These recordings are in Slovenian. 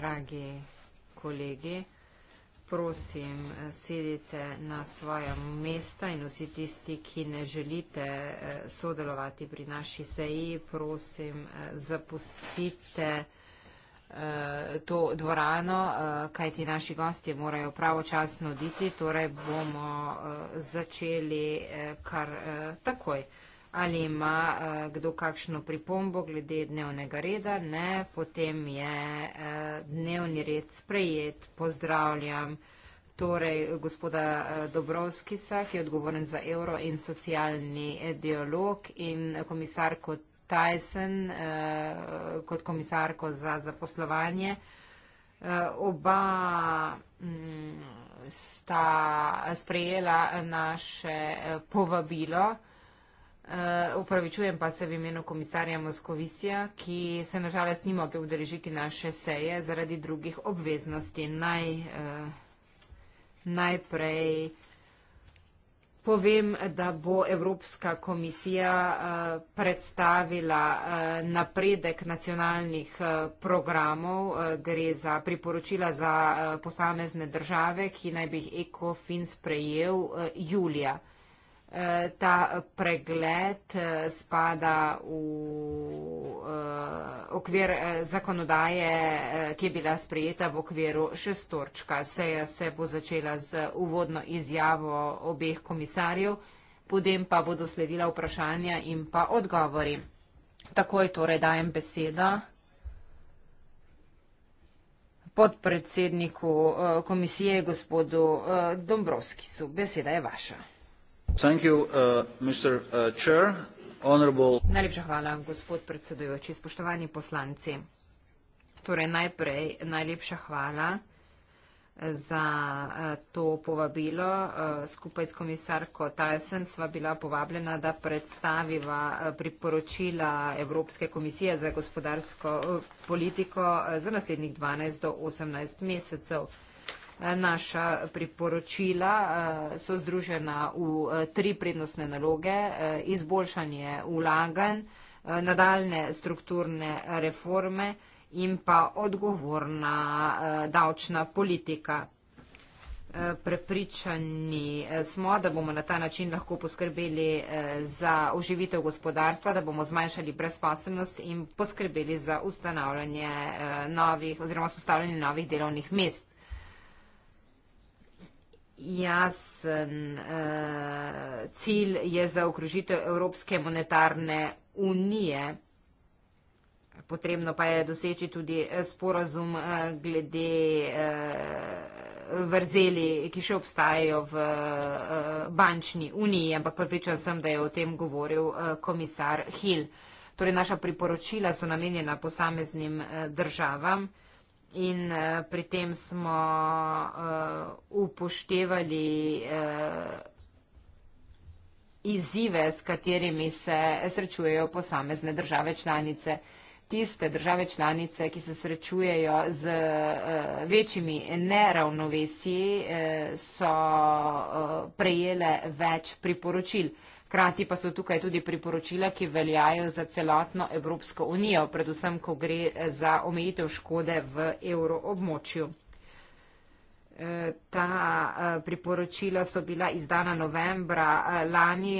Dragi kolegi, prosim, sedite na svoja mesta in vsi tisti, ki ne želite eh, sodelovati pri naši seji, prosim, eh, zapustite eh, to dvorano, kajti naši gosti morajo pravočasno oditi, torej bomo začeli kar takoj ali ima uh, kdo kakšno pripombo glede dnevnega reda. Ne, potem je uh, dnevni red sprejet, pozdravljam. Torej, gospoda eh, Dobrovskisa, ki je odgovoren za evro in socialni dialog in komisarko Tyson eh, kot komisarko za zaposlovanje. Eh, oba m, mm, sta sprejela naše povabilo. Eh, upravičujem eh, pa se v imenu komisarja Moskovisija, ki se nažalost ni mogel udeležiti naše seje zaradi drugih obveznosti. Naj, uh, najprej povem, da bo Evropska komisija uh, predstavila uh, napredek nacionalnih uh, programov. Uh, gre za priporočila za uh, posamezne države, ki naj bi jih ECOFIN sprejel uh, julija. Eh, ta pregled eh, spada v eh, okvir zakonodaje, ki je bila sprejeta v okviru šestorčka. Seja se bo začela z uvodno izjavo obeh komisarjev, potem pa bodo sledila vprašanja in pa odgovori. Takoj torej dajem besedo podpredsedniku komisije, gospodu Dombrovskisu. Beseda je vaša. Uh, uh, najlepša hvala, gospod predsedujoči. Spoštovani poslanci, torej najprej najlepša hvala eh, za eh, to povabilo. Eh, skupaj s komisarko Tyson sva bila povabljena, da predstaviva priporočila Evropske komisije za gospodarsko politiko za naslednjih 12 do 18 mesecev. Naša priporočila eh, so združena v eh, tri prednostne naloge. Eh, izboljšanje ulagan, nadaljne strukturne reforme in pa odgovorna davčna politika. Prepričani smo, da bomo na ta način lahko poskrbeli za oživitev gospodarstva, da bomo zmanjšali brezposobnost in poskrbeli za ustanavljanje novih oziroma spostavljanje novih delovnih mest jasen uh, cilj je za okrožitev Evropske monetarne unije. Potrebno pa je doseči tudi eh, sporazum uh, glede uh, vrzeli, ki še obstajajo v uh, bančni uniji, ampak pripričan sem, da je o tem govoril uh, komisar Hill. Torej, naša priporočila so namenjena posameznim uh, državam. In uh, pri tem smo uh, upoštevali uh, izzive, s katerimi se srečujejo posamezne države članice. Tiste države članice, ki se srečujejo z uh, večjimi neravnovesji, uh, so uh, prejele več priporočil. Uh, Hkrati pa so tukaj tudi priporočila, ki veljajo za celotno Evropsko unijo, predvsem, ko gre za omejitev škode v evroobmočju. E, ta e, priporočila so bila izdana novembra e, lani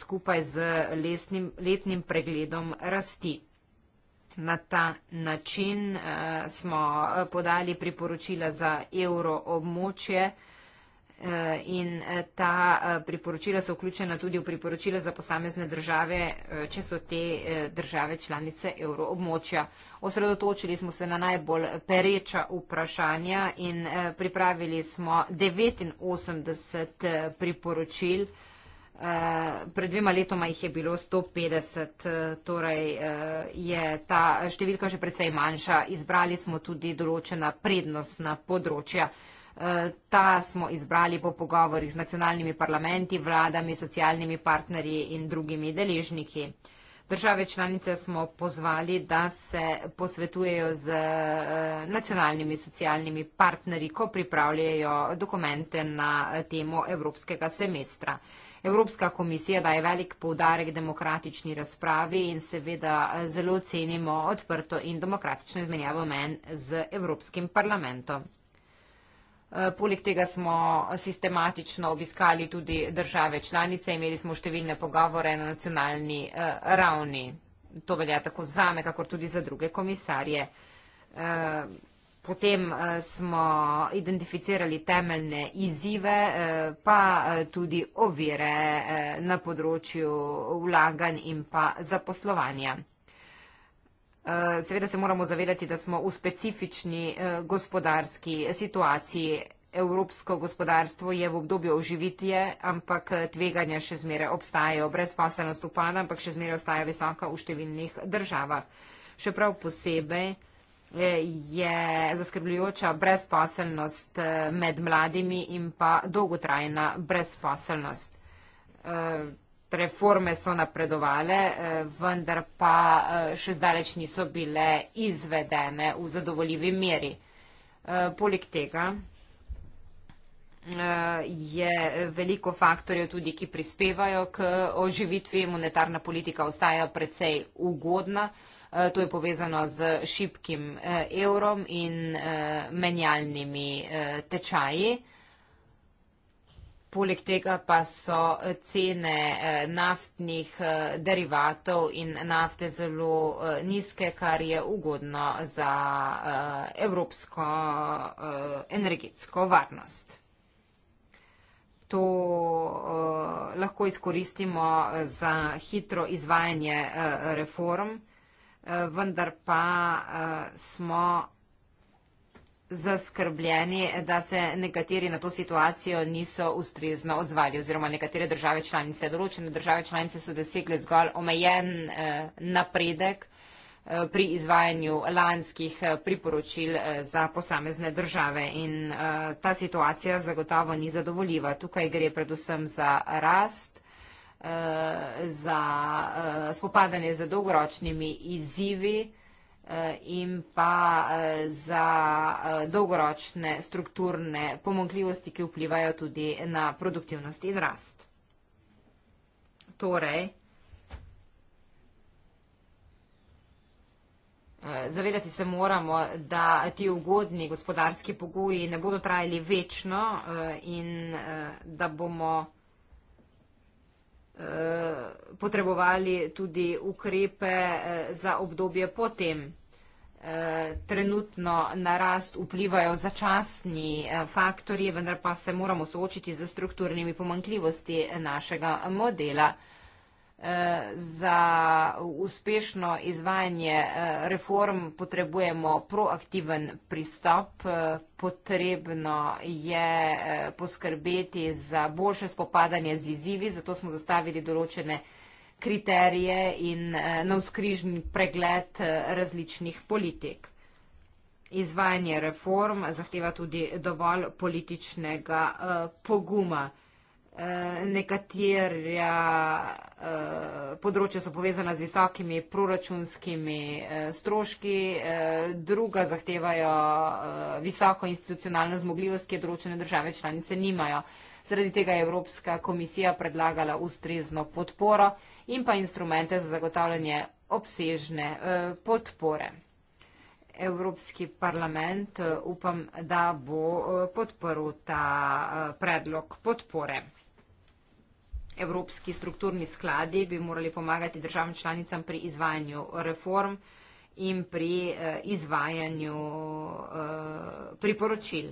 skupaj z lesnim, letnim pregledom rasti. Na ta način smo podali priporočila za evroobmočje. Eh, in eh, ta eh, priporočila so vključena tudi v priporočila za posamezne države, če so te države članice evroobmočja. Osredotočili smo se na najbolj pereča vprašanja in pripravili smo 89 priporočil. Pred dvema letoma jih je bilo 150, torej je ta številka še precej manjša. Izbrali smo tudi določena prednostna področja. Ta smo izbrali po pogovorih z nacionalnimi parlamenti, vladami, socialnimi partnerji in drugimi deležniki. Države članice smo pozvali, da se posvetujejo z eh, nacionalnimi socialnimi partnerji, ko pripravljajo dokumente na temo evropskega semestra. Evropska komisija daje velik poudarek demokratični razpravi in seveda eh, zelo cenimo odprto in demokratično izmenjavo men z Evropskim parlamentom. Eh, poleg tega smo sistematično obiskali tudi države članice, imeli smo številne pogovore na nacionalni eh, ravni. To velja tako za me, kakor tudi za druge komisarje. Eh, potem smo identificirali temeljne izzive, pa tudi ovire na področju vlaganj in pa zaposlovanja. Eh, seveda se moramo zavedati, da smo v specifični eh, gospodarski situaciji. Evropsko gospodarstvo je v obdobju oživitje, ampak eh, tveganja še zmeraj obstajajo. Brezposelnost upada, ampak še zmeraj ostaja visoka v številnih državah. Še prav posebej je zaskrbljujoča brezposelnost med mladimi in pa dolgotrajna brezposelnost reforme so napredovale, eh, vendar pa eh, še zdaleč niso bile izvedene v zadovoljivi meri. Eh, poleg tega je veliko faktorjev tudi, ki prispevajo k oživitvi. Monetarna politika ostaja precej ugodna. To je povezano z šipkim evrom in menjalnimi tečaji. Poleg tega pa so eh, cene eh, naftnih eh, derivatov in nafte zelo nizke, kar je ugodno za evropsko energetsko varnost. To lahko izkoristimo za hitro izvajanje reform, vendar pa smo zaskrbljeni, da se nekateri na to situacijo niso ustrezno odzvali oziroma nekatere države članice. Določene države članice so dosegle zgolj omejen eh, napredek eh, pri izvajanju lanskih eh, priporočil za posamezne države in ta situacija zagotovo ni zadovoljiva. Tukaj gre predvsem za rast za spopadanje z dolgoročnimi izzivi, Eh, in pa eh, za eh, dolgoročne strukturne pomankljivosti, ki vplivajo tudi na produktivnost in rast. Torej, zavedati se moramo, da ti ugodni gospodarski pogoji ne bodo trajali večno in da bomo vsega, potrebovali tudi ukrepe eh, za obdobje potem. Eh, trenutno na rast vplivajo začasni eh, faktori, vendar pa se moramo soočiti z strukturnimi pomankljivosti našega modela za uspešno izvajanje eh, reform potrebujemo proaktiven pristop, eh, potrebno je eh, poskrbeti za boljše spopadanje z izzivi, zato smo zastavili določene kriterije in navskrižni pregled različnih politik. Izvajanje reform zahteva tudi dovolj političnega poguma. Eh, nekatera eh, področja so povezana z visokimi proračunskimi eh, stroški, druga zahtevajo visoko institucionalno zmogljivost, ki je določene države članice nimajo. Zaradi tega je Evropska komisija predlagala ustrezno podporo in pa instrumente za zagotavljanje obsežne podpore. Evropski parlament upam, da bo podporil ta predlog podpore evropski strukturni skladi bi morali pomagati državam članicam pri izvajanju reform in pri eh, izvajanju eh, priporočil.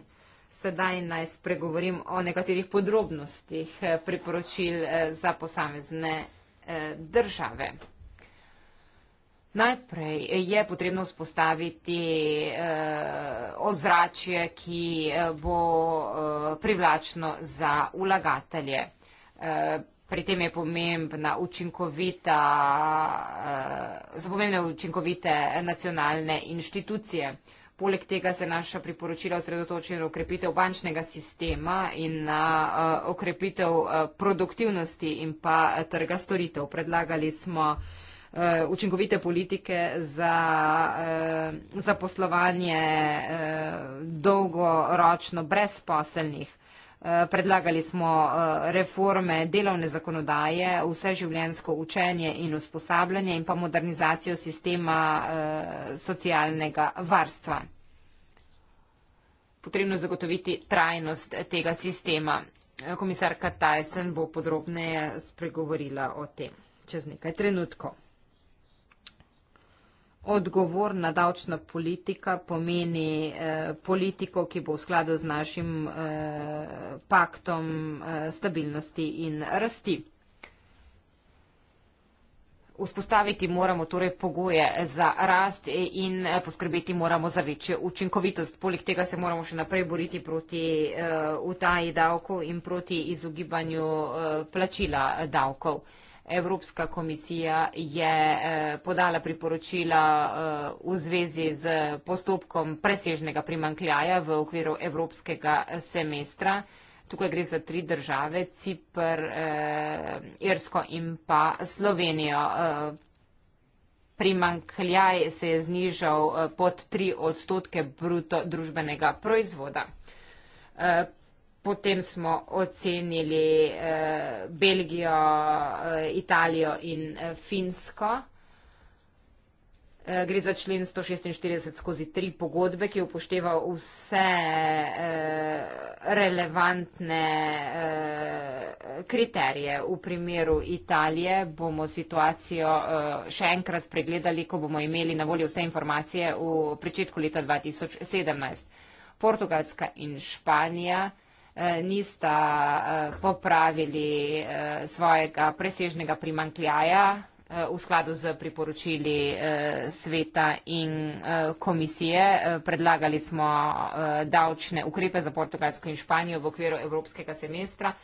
Sedaj naj spregovorim o nekaterih podrobnostih eh, priporočil za posamezne države. Najprej je potrebno vzpostaviti ozračje, ki bo privlačno za vlagatelje pri tem je pomembna učinkovita, eh, so pomembne učinkovite nacionalne inštitucije. Poleg tega se naša priporočila osredotočijo na okrepitev bančnega sistema in na eh, okrepitev eh, produktivnosti in pa trga storitev. Predlagali smo učinkovite politike za, za poslovanje dolgoročno brezposelnih. Eh, predlagali smo eh, reforme delovne zakonodaje, vse življensko učenje in usposabljanje in pa modernizacijo sistema eh, socialnega varstva. Potrebno je zagotoviti trajnost tega sistema. Komisarka Tyson bo podrobneje spregovorila o tem čez nekaj trenutkov. Odgovorna davčna politika pomeni eh, politiko, ki bo v skladu z našim eh, paktom eh, stabilnosti in rasti. Vzpostaviti moramo torej pogoje za rast in eh, poskrbeti moramo za večjo učinkovitost. Poleg tega se moramo še naprej boriti proti eh, utaji uh, davkov in proti izogibanju uh, plačila davkov. Uh, Evropska komisija je eh, podala priporočila eh, v zvezi z postopkom presežnega primankljaja v okviru evropskega eh, semestra. Tukaj gre za tri države, Cipr, Irsko in pa Slovenijo. Primankljaj se je znižal pod tri odstotke bruto družbenega proizvoda. Potem smo ocenili eh, Belgijo, eh, Italijo in eh, Finsko. Eh, gre za člen 146 skozi tri pogodbe, ki upošteva vse eh, relevantne eh, kriterije. V primeru Italije bomo situacijo eh, še enkrat pregledali, ko bomo imeli na voljo vse informacije v pričetku leta 2017. Portugalska in Španija. Eh, nista eh, popravili eh, svojega presežnega primankljaja v skladu z priporočili sveta in komisije. Predlagali smo davčne ukrepe za Portugalsko in Španijo v okviru evropskega semestra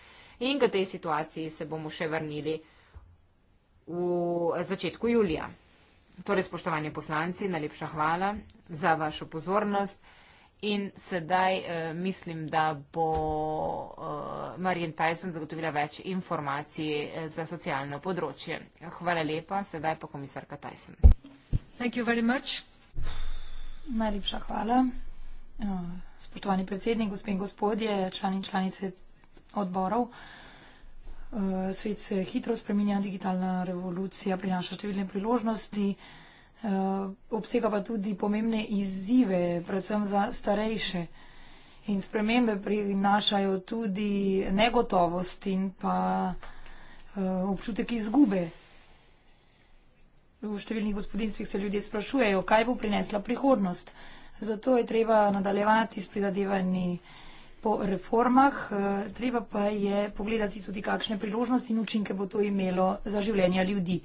in k tej situaciji se bomo še vrnili v začetku julija. Torej, spoštovanje poslanci, najlepša hvala za vašo pozornost. In sedaj eh, mislim, da bo eh, Marijan Tyson zagotovila več informacij eh, za socialno področje. Hvala lepa, sedaj pa komisarka Tyson. Najlepša hvala. Uh, spoštovani predsednik, gospe in gospodje, člani in članice odborov. Uh, svet se hitro spreminja, digitalna revolucija prinaša številne priložnosti. Uh, Eh, obsega pa tudi pomembne izzive, predvsem za starejše. In spremembe prinašajo tudi negotovost in pa eh, občutek izgube. V številnih gospodinstvih se ljudje sprašujejo, kaj bo prinesla prihodnost. Zato je treba nadaljevati s pridadevanji po reformah, eh, treba pa je pogledati tudi, kakšne priložnosti in učinke bo to imelo za življenje ljudi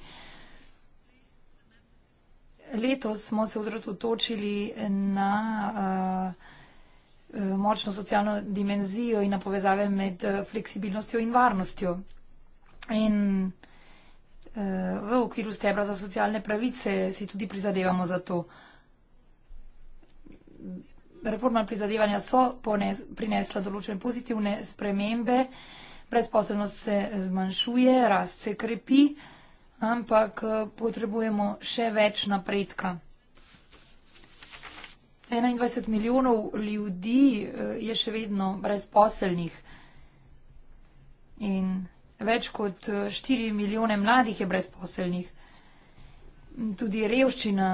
letos smo se odrotočili na uh, močno socialno dimenzijo in na povezave med eh, fleksibilnostjo in varnostjo. In uh, v okviru stebra za socialne pravice si tudi prizadevamo za to. Reforma prizadevanja so pones, prinesla določene pozitivne spremembe, brezposobnost se zmanjšuje, rast se krepi. Uh, ampak eh, potrebujemo še več napredka. 21 milijonov ljudi eh, je še vedno brezposelnih in več kot 4 eh, milijone mladih je brezposelnih. Tudi revščina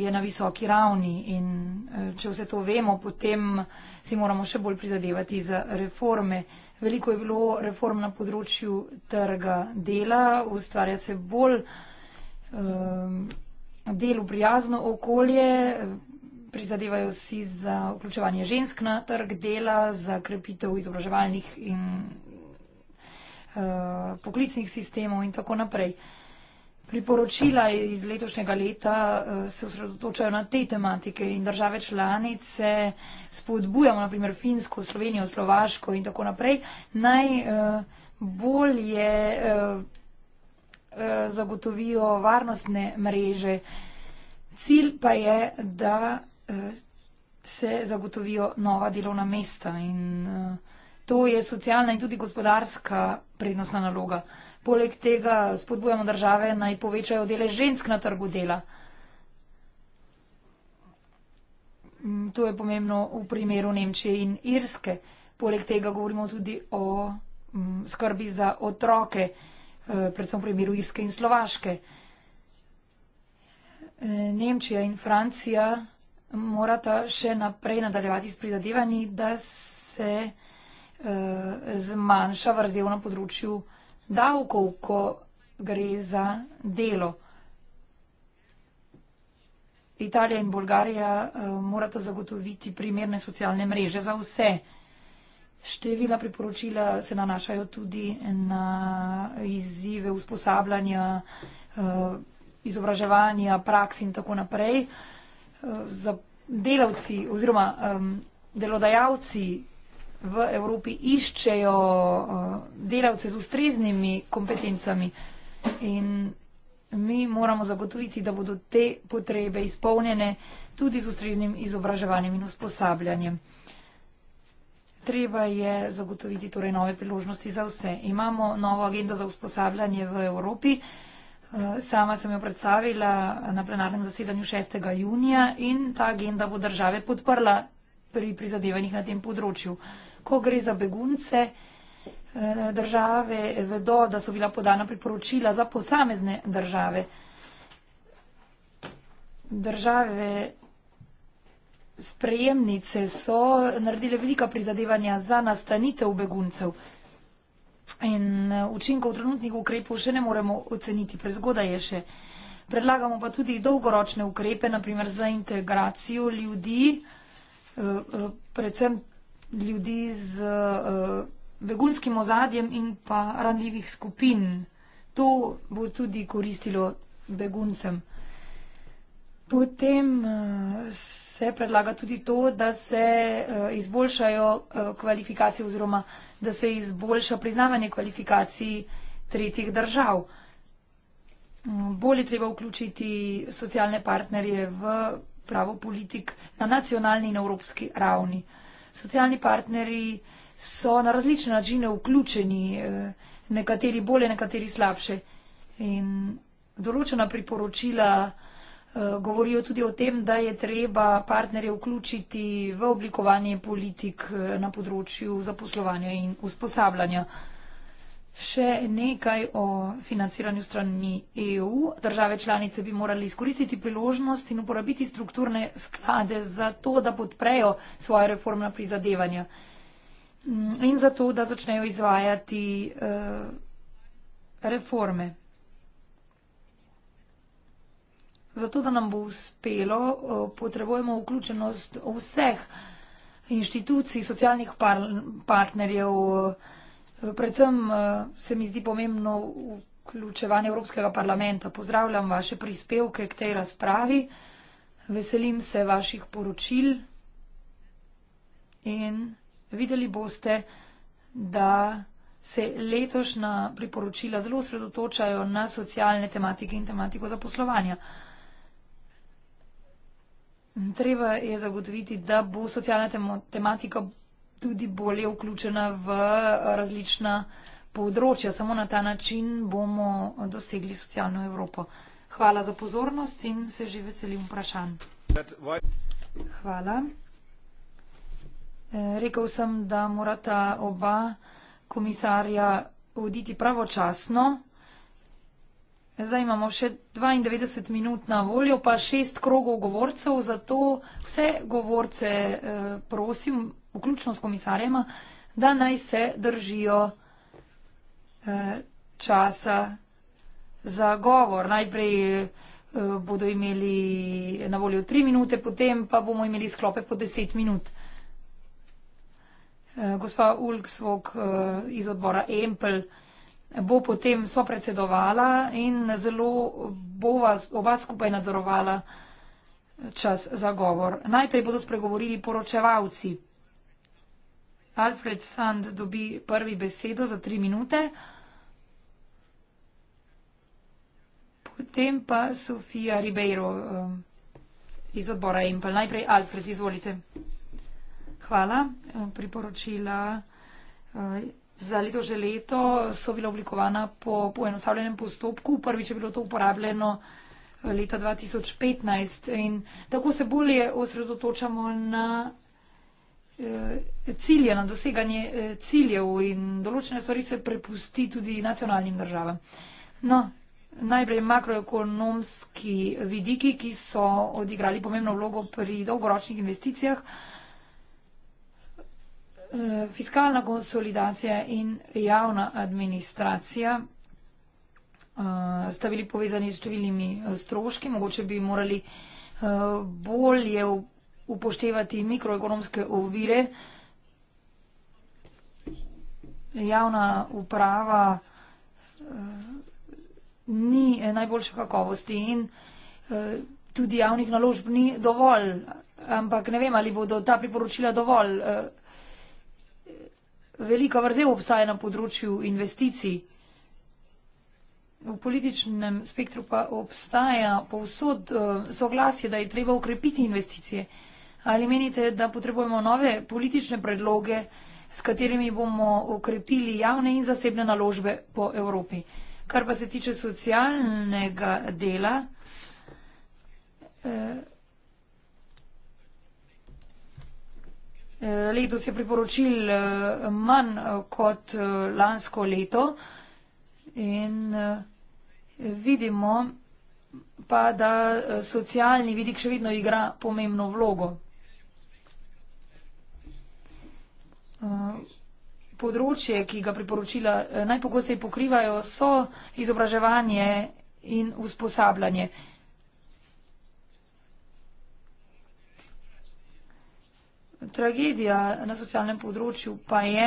je na visoki ravni in če vse to vemo, potem si moramo še bolj prizadevati za reforme. Veliko je bilo reform na področju trga dela, ustvarja se bolj um, delu prijazno okolje, prizadevajo si za vključevanje žensk na trg dela, za krepitev izobraževalnih in uh, poklicnih sistemov in tako naprej. Uh, Priporočila iz letošnjega leta eh, se osredotočajo na te tematike in države članice spodbujamo, naprimer Finsko, Slovenijo, Slovaško in tako naprej, najbolje eh, eh, zagotovijo varnostne mreže. Cilj pa je, da se zagotovijo nova delovna mesta in to je socialna in tudi gospodarska prednostna naloga. Poleg tega spodbujamo države naj povečajo delež žensk na trgu dela. Mm, to je pomembno v primeru Nemčije in Irske. Poleg tega govorimo tudi o mm, skrbi za otroke, eh, predvsem v primeru Irske in Slovaške. Eh, Nemčija in Francija morata še naprej nadaljevati s prizadevanji, da se eh, zmanjša vrzel na področju davkov, ko gre za delo. Italija in Bolgarija eh, morata zagotoviti primerne socialne mreže za vse. Števila priporočila se nanašajo tudi na izzive usposabljanja, eh, izobraževanja, praks in tako naprej. Eh, za delavci oziroma delodajalci v Evropi iščejo eh, delavce z ustreznimi kompetencami in mi moramo zagotoviti, da bodo te potrebe izpolnjene tudi z ustreznim izobraževanjem in usposabljanjem. Treba je zagotoviti torej nove priložnosti za vse. Imamo novo agendo za usposabljanje v Evropi. Eh, sama sem jo predstavila na plenarnem zasedanju 6. junija in ta agenda bo države podprla pri prizadevanjih na tem področju ko gre za begunce, eh, države vedo, da so bila podana priporočila za posamezne države. Države sprejemnice so naredile velika prizadevanja za nastanitev beguncev. In eh, učinkov trenutnih ukrepov še ne moremo oceniti, prezgoda je še. Predlagamo pa tudi dolgoročne ukrepe, naprimer za integracijo ljudi, eh, predvsem ljudi z eh, begunskim ozadjem in pa ranljivih skupin. To bo tudi koristilo beguncem. Potem eh, se predlaga tudi to, da se eh, izboljšajo kvalifikacije oziroma da se izboljša priznavanje kvalifikacij tretjih držav. Mm, Bolje treba vključiti socialne partnerje v pravo politik na nacionalni in evropski ravni. Uh, socialni partnerji so na različne načine vključeni, eh, nekateri bolje, nekateri slabše. In določena priporočila eh, govorijo tudi o tem, da je treba partnerje vključiti v oblikovanje politik eh, na področju zaposlovanja in usposabljanja. Še nekaj o financiranju strani EU. Države članice bi morali izkoristiti priložnost in uporabiti strukturne sklade za to, da podprejo svoje reformna prizadevanja mm, in za to, da začnejo izvajati eh, reforme. Zato, da nam bo uspelo, eh, potrebujemo vključenost vseh inštitucij, socialnih partnerjev, Predvsem eh, se mi zdi pomembno vključevanje Evropskega parlamenta. Pozdravljam vaše prispevke k tej razpravi, veselim se vaših poročil in videli boste, da se letošnja priporočila zelo sredotočajo na socialne tematike in tematiko zaposlovanja. Treba je zagotoviti, da bo socialna tematika tudi bolje vključena v eh, različna področja. Samo na ta način bomo dosegli socialno Evropo. Hvala za pozornost in se že veselim vprašanj. Hvala. Eh, rekel sem, da morata oba komisarja voditi pravočasno. Zdaj imamo še 92 minut na voljo, pa šest krogov govorcev, zato vse govorce eh, prosim vključno s komisarjema, da naj se držijo eh, časa za govor. Najprej eh, bodo imeli na voljo tri minute, potem pa bomo imeli sklope po deset minut. Eh, gospa Ulksvok iz odbora Empel bo potem sopredsedovala in zelo bo vas oba skupaj nadzorovala čas za govor. Najprej bodo spregovorili poročevalci. Alfred Sand dobi prvi besedo za tri minute. Potem pa Sofija Ribeiro um, iz odbora Impel. Najprej Alfred, izvolite. Hvala. Um, priporočila uh, za leto že leto so bila oblikovana po poenostavljenem postopku. Prvič je bilo to uporabljeno uh, leta 2015 in tako se bolje osredotočamo na Eh, cilje, na doseganje eh, ciljev in določene stvari se prepusti tudi nacionalnim državam. No, najprej makroekonomski vidiki, ki so odigrali pomembno vlogo pri dolgoročnih investicijah, eh, fiskalna konsolidacija in javna administracija sta bili povezani s številnimi stroški, mogoče bi morali bolje upoštevati upoštevati mikroekonomske ovire. Javna uprava eh, ni najboljše kakovosti in eh, tudi javnih naložb ni dovolj, ampak ne vem, ali bodo ta priporočila dovolj. Eh, velika vrzel obstaja na področju investicij. V političnem spektru pa obstaja povsod eh, soglasje, da je treba ukrepiti investicije. Eh, Ali menite, da potrebujemo nove politične predloge, s katerimi bomo ukrepili javne in zasebne naložbe po Evropi? Kar pa se tiče socialnega dela, eh, eh, letos je priporočil eh, manj kot lansko leto in vidimo pa, da socialni vidik še vedno igra pomembno vlogo. Eh, področje, ki ga priporočila eh, najpogosteje pokrivajo, so izobraževanje in usposabljanje. Tragedija na socialnem področju pa je,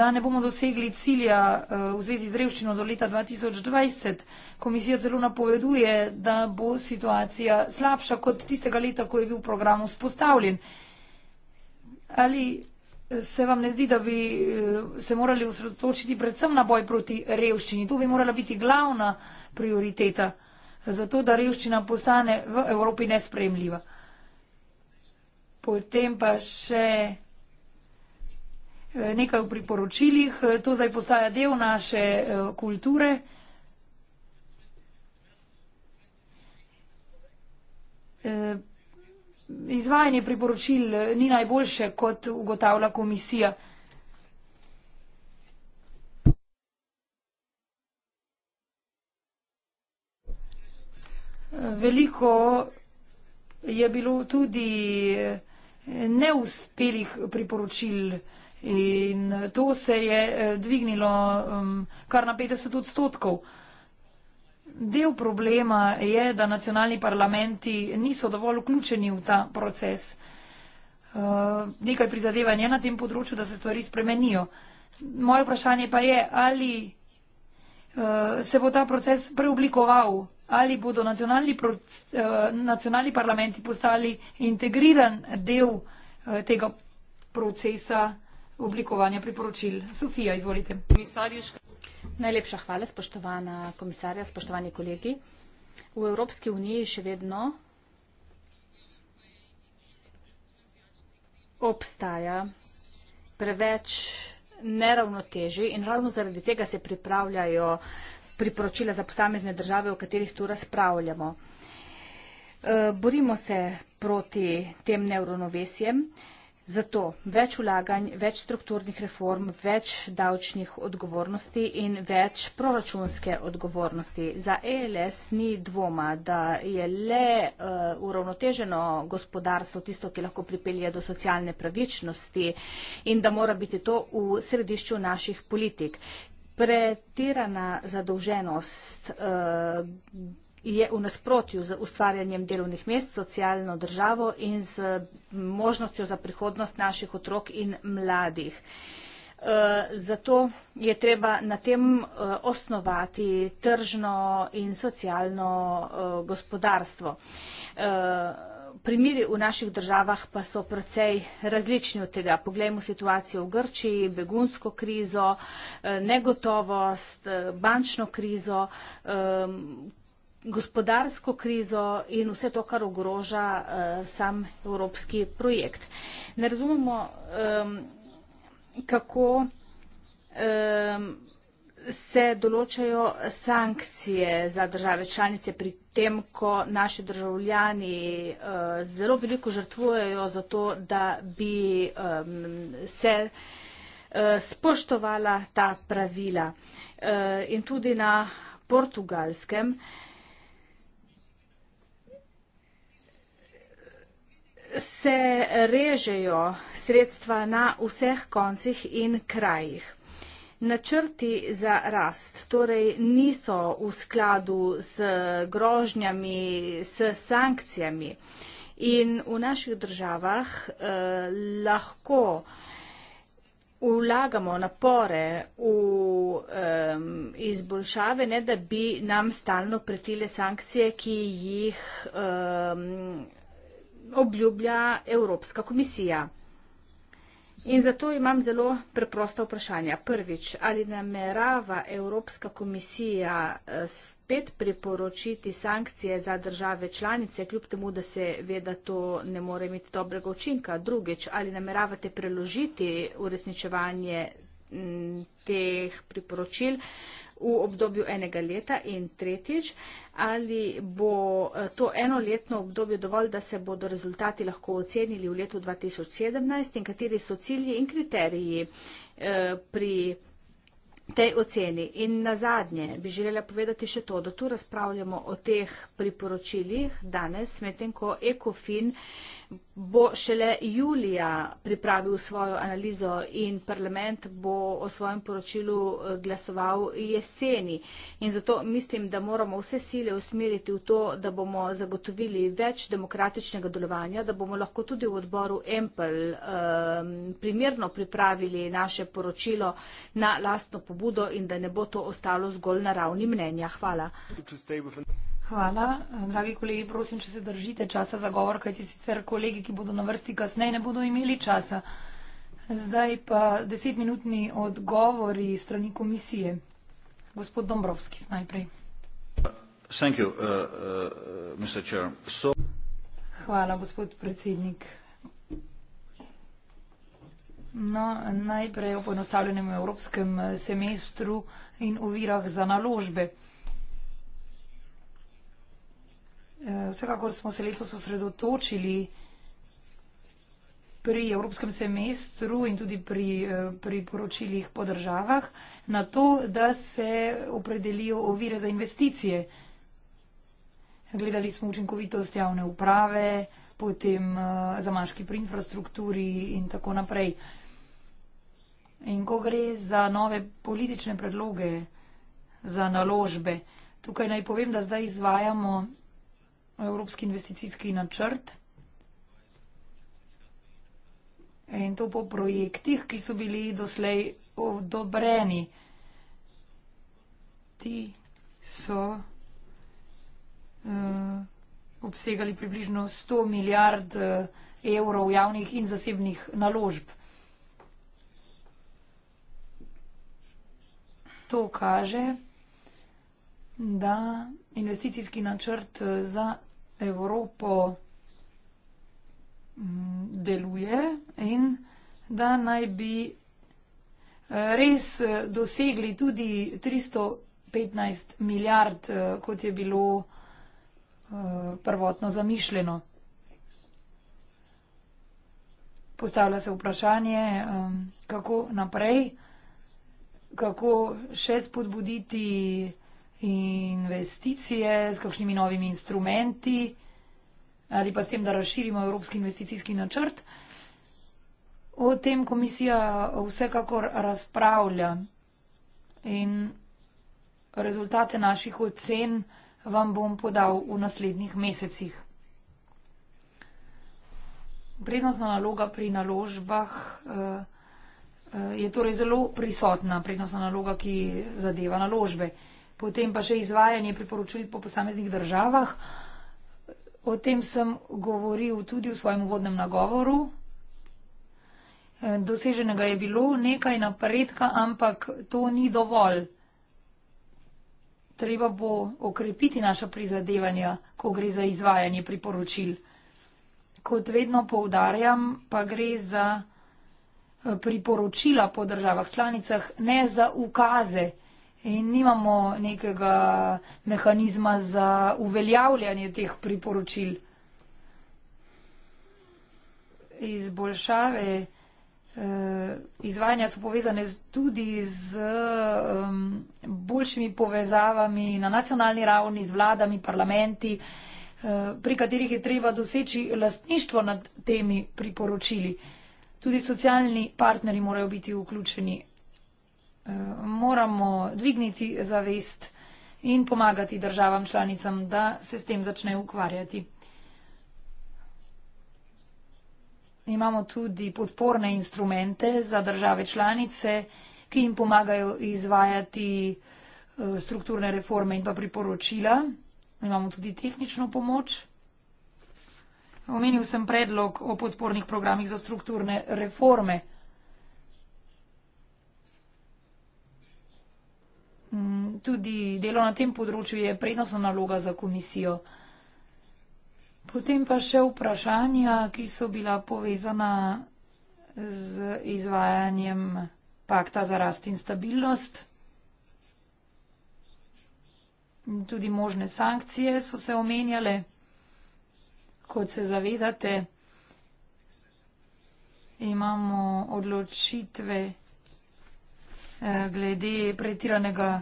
da ne bomo dosegli cilja eh, v zvezi z revščino do leta 2020. Komisija celo napoveduje, da bo situacija slabša kot tistega leta, ko je bil program vzpostavljen. Ali Se vam ne zdi, da bi eh, se morali usredotočiti predvsem na boj proti revščini? To bi morala biti glavna prioriteta, zato da revščina postane v Evropi nespremljiva. Potem pa še eh, nekaj v priporočilih. To zdaj postaja del naše eh, kulture. E, izvajanje priporočil eh, ni najboljše, kot ugotavlja komisija. Veliko je bilo tudi eh, neuspelih priporočil in to se je eh, dvignilo ehm, kar na 50 odstotkov. Del problema je, da nacionalni parlamenti niso dovolj vključeni v ta proces. Uh, nekaj prizadevanje na tem področju, da se stvari spremenijo. Moje vprašanje pa je, ali uh, se bo ta proces preoblikoval, ali bodo nacionalni, uh, nacionalni parlamenti postali integriran del tega procesa oblikovanja priporočil. Sofija, izvolite. Najlepša hvala, spoštovana komisarja, spoštovani kolegi. V Evropski uniji še vedno obstaja preveč neravnoteži in ravno zaradi tega se pripravljajo priporočila za posamezne države, o katerih tu razpravljamo. Eh, borimo se proti tem neuronovesjem. Zato več vlaganj, več strukturnih reform, več davčnih odgovornosti in več proračunske odgovornosti. Za ELS ni dvoma, da je le uh, uravnoteženo gospodarstvo tisto, ki lahko pripelje do socialne pravičnosti in da mora biti to v središču naših politik. Pretirana zadolženost. Uh, je v nasprotju z ustvarjanjem delovnih mest, socialno državo in z možnostjo za prihodnost naših otrok in mladih. E, zato je treba na tem e, osnovati tržno in socialno e, gospodarstvo. Primiri v naših državah pa so precej različni od tega. Poglejmo situacijo v Grčiji, begunsko krizo, negotovost, bančno krizo, gospodarsko krizo in vse to, kar ogroža uh, sam evropski projekt. Ne razumemo, um, kako um, se določajo sankcije za države članice pri tem, ko naši državljani uh, zelo veliko žrtvujejo za to, da bi um, se eh, spoštovala ta pravila. In tudi na portugalskem se režejo sredstva na vseh koncih in krajih. Načrti za rast torej niso v skladu z grožnjami, s sankcijami in v naših državah eh, lahko vlagamo napore v eh, izboljšave, ne da bi nam stalno pretile sankcije, ki jih. Eh, obljublja Evropska komisija. In zato imam zelo preprosta vprašanja. Prvič, ali namerava Evropska komisija eh, spet priporočiti sankcije za države članice, kljub temu, da se ve, da to ne more imeti dobrega učinka? Drugič, ali nameravate preložiti uresničevanje teh priporočil v obdobju enega leta in tretjič, ali bo eh, to enoletno obdobje dovolj, da se bodo rezultati lahko ocenili v letu 2017 in kateri so cilji in kriteriji eh, pri tej oceni. In na zadnje bi želela povedati še to, da tu razpravljamo o teh priporočilih danes, medtem ko ECOFIN bo šele julija pripravil svojo analizo in parlament bo o svojem poročilu eh, glasoval jeseni. In zato mislim, da moramo vse sile usmeriti v to, da bomo zagotovili več demokratičnega delovanja, da bomo lahko tudi v odboru EMPL um, ehm, primerno pripravili naše poročilo na lastno pobudo in da ne bo to ostalo zgolj na ravni mnenja. Hvala. Hvala. Dragi kolegi, prosim, če se držite časa za govor, kajti sicer kolegi, ki bodo na vrsti kasneje, ne bodo imeli časa. Zdaj pa desetminutni odgovori strani komisije. Gospod Dombrovski, najprej. Uh, uh, Hvala, gospod predsednik. No, najprej o ponostavljenem evropskem semestru in ovirah za naložbe. Vsekakor smo se letos osredotočili pri evropskem semestru in tudi pri, eh, pri poročilih po državah na to, da se opredelijo ovire za investicije. Gledali smo učinkovitost javne uprave, potem eh, zamaški pri infrastrukturi in tako naprej. In ko gre za nove politične predloge za naložbe, tukaj naj povem, da zdaj izvajamo Evropski investicijski načrt. In to po projektih, ki so bili doslej odobreni. Ti so uh, obsegali približno 100 milijard eh, evrov javnih in zasebnih naložb. To kaže, da investicijski načrt eh, za Evropo mm, deluje in da naj bi eh, res eh, dosegli tudi 315 milijard, eh, kot je bilo prvotno zamišljeno. Postavlja se vprašanje, kako naprej, kako še spodbuditi vprašanje, investicije, s kakšnimi novimi instrumenti ali pa s tem, da razširimo evropski investicijski načrt. O tem komisija vsekakor razpravlja in rezultate naših ocen vam bom podal v naslednjih mesecih. Prednostna naloga pri naložbah eh, eh, je torej zelo prisotna, prednostna naloga, ki zadeva naložbe potem pa še izvajanje priporočil po posameznih državah. O tem sem govoril tudi v svojem uvodnem nagovoru. Eh, doseženega je bilo nekaj napredka, ampak to ni dovolj. Treba bo okrepiti naša prizadevanja, ko gre za izvajanje priporočil. Kot vedno poudarjam, pa gre za eh, priporočila po državah članicah, ne za ukaze in nimamo nekega mehanizma za uveljavljanje teh priporočil. Izboljšave eh, izvajanja so povezane tudi z boljšimi povezavami na nacionalni ravni, z vladami, parlamenti, eh, pri katerih je treba doseči lastništvo nad temi priporočili. Tudi socialni partnerji morajo biti vključeni, moramo dvigniti zavest in pomagati državam članicam, da se s tem začnejo ukvarjati. Imamo tudi podporne instrumente za države članice, ki jim pomagajo izvajati eh, strukturne reforme in pa priporočila. Imamo tudi tehnično pomoč. Omenil sem predlog o podpornih programih za strukturne reforme. Mm, tudi delo na tem področju je prednostna naloga za komisijo. Potem pa še vprašanja, ki so bila povezana z izvajanjem pakta za rast in stabilnost. Tudi možne sankcije so se omenjale, kot se zavedate. Imamo odločitve Eh, glede pretiranega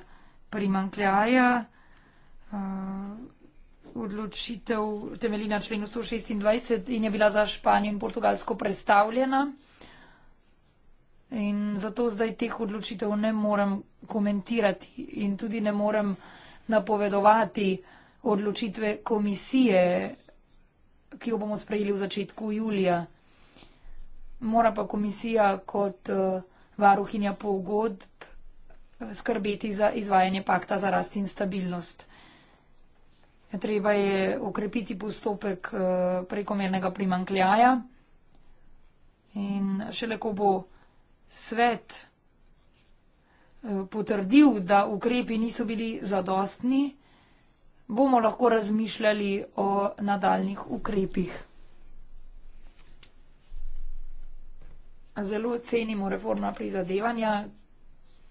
primankljaja. Eh, odločitev temelji na členu 126 in je bila za Španijo in Portugalsko predstavljena. In zato zdaj teh odločitev ne morem komentirati in tudi ne morem napovedovati odločitve komisije, ki jo bomo sprejeli v začetku julija. Mora pa komisija kot uh, varuhinja pogodb skrbeti za izvajanje pakta za rast in stabilnost. Ja, treba je okrepiti postopek eh, prekomernega primankljaja in šele ko bo svet eh, potrdil, da ukrepi niso bili zadostni, bomo lahko razmišljali o nadaljnih ukrepih. zelo cenimo reformna prizadevanja,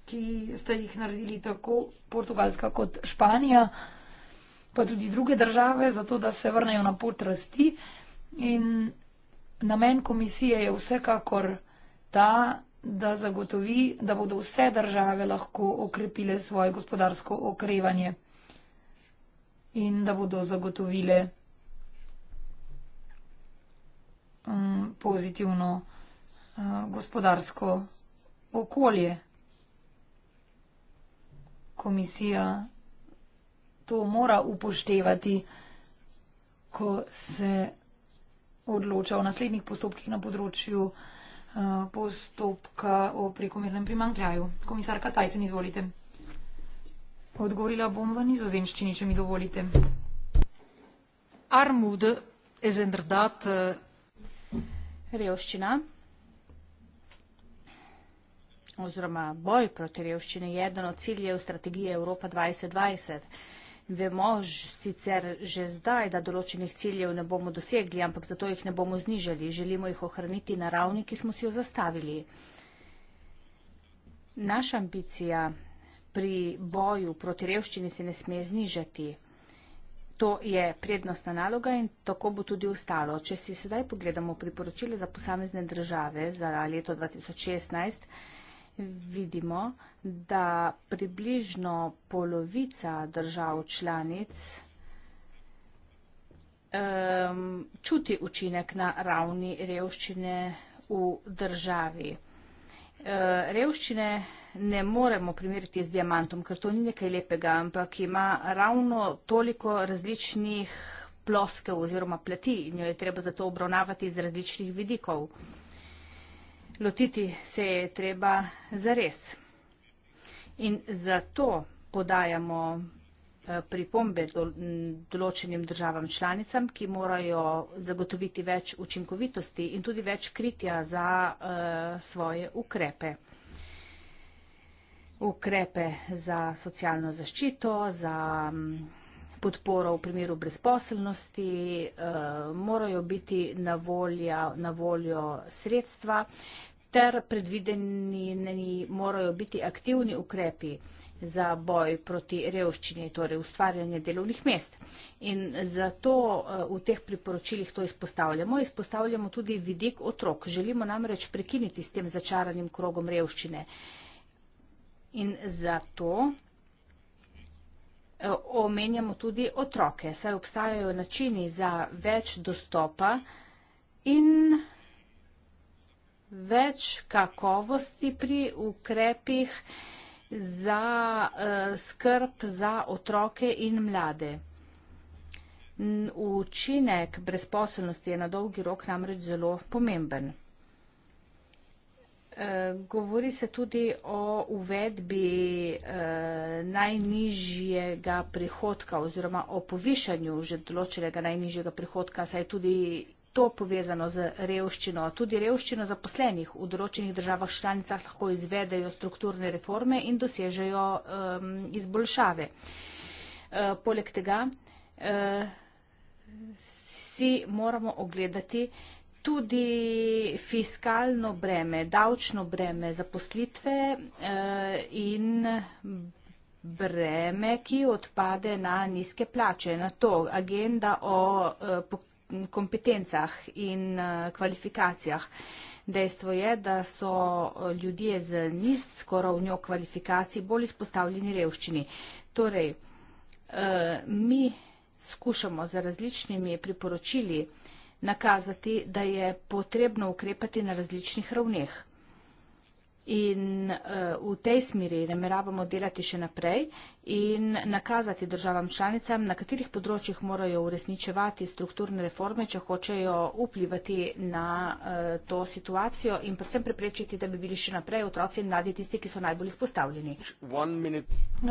ki ste jih naredili tako Portugalska kot Španija, pa tudi druge države, zato da se vrnejo na pot rasti. In namen komisije je vsekakor ta, da zagotovi, da bodo vse države lahko okrepile svoje gospodarsko okrevanje in da bodo zagotovile um, pozitivno. Eh, gospodarsko okolje. Komisija to mora upoštevati, ko se odloča o naslednjih postopkih na področju eh, postopka o prekomernem primankljaju. Komisarka Tyson, izvolite. Odgovorila bom v nizozemščini, če mi dovolite. Armud, ezendrdat. Eh, revščina oziroma boj proti revščini je eden od ciljev strategije Evropa 2020. Vemo sicer že zdaj, da določenih ciljev ne bomo dosegli, ampak zato jih ne bomo znižali. Želimo jih ohraniti na ravni, ki smo si jo zastavili. Naša ambicija pri boju proti revščini se ne sme znižati. To je prednostna naloga in tako bo tudi ostalo. Če si sedaj pogledamo priporočile za posamezne države za leto 2016, vidimo, da približno polovica držav članic čuti učinek na ravni revščine v državi. Eh, revščine ne moremo primeriti z diamantom, ker to ni nekaj lepega, ampak ima ravno toliko različnih ploske oziroma plati in jo je treba zato obravnavati iz različnih vidikov lotiti se je treba zares. In zato podajamo eh, pripombe določenim državam članicam, ki morajo zagotoviti več učinkovitosti in tudi več kritja za eh, svoje ukrepe. Ukrepe za socialno zaščito, za učinkovitosti, mm, podporo v primeru brezposelnosti, eh, morajo biti na, volja, na voljo sredstva ter predvideni morajo biti aktivni ukrepi za boj proti revščini, torej ustvarjanje delovnih mest. In zato eh, v teh priporočilih to izpostavljamo. Izpostavljamo tudi vidik otrok. Želimo namreč prekiniti s tem začaranim krogom revščine. In zato omenjamo tudi otroke, saj obstajajo načini za več dostopa in več kakovosti pri ukrepih za eh, skrb za otroke in mlade. Učinek brezposobnosti je na dolgi rok namreč zelo pomemben. Eh, govori se tudi o uvedbi eh, najnižjega prihodka oziroma o povišanju že določenega najnižjega prihodka, saj je tudi to povezano z revščino. Tudi revščino zaposlenih v določenih državah članicah lahko izvedejo strukturne reforme in dosežejo ehm, izboljšave. Eh, poleg tega si moramo ogledati, da je tudi fiskalno breme, davčno breme zaposlitve eh, in breme, ki odpade na nizke plače. Na to agenda o eh, kompetencah in eh, kvalifikacijah. Dejstvo je, da so eh, ljudje z nizko ravnjo kvalifikacij bolj izpostavljeni revščini. Torej, eh, mi skušamo z različnimi priporočili eh, nakazati, da je potrebno ukrepati na različnih ravneh. In uh, v tej smeri nameravamo delati še naprej in nakazati državam članicam, na katerih področjih morajo uresničevati strukturne reforme, če hočejo vplivati na uh, to situacijo in predvsem preprečiti, da bi bili še naprej otroci in mladi tisti, ki so najbolj izpostavljeni. V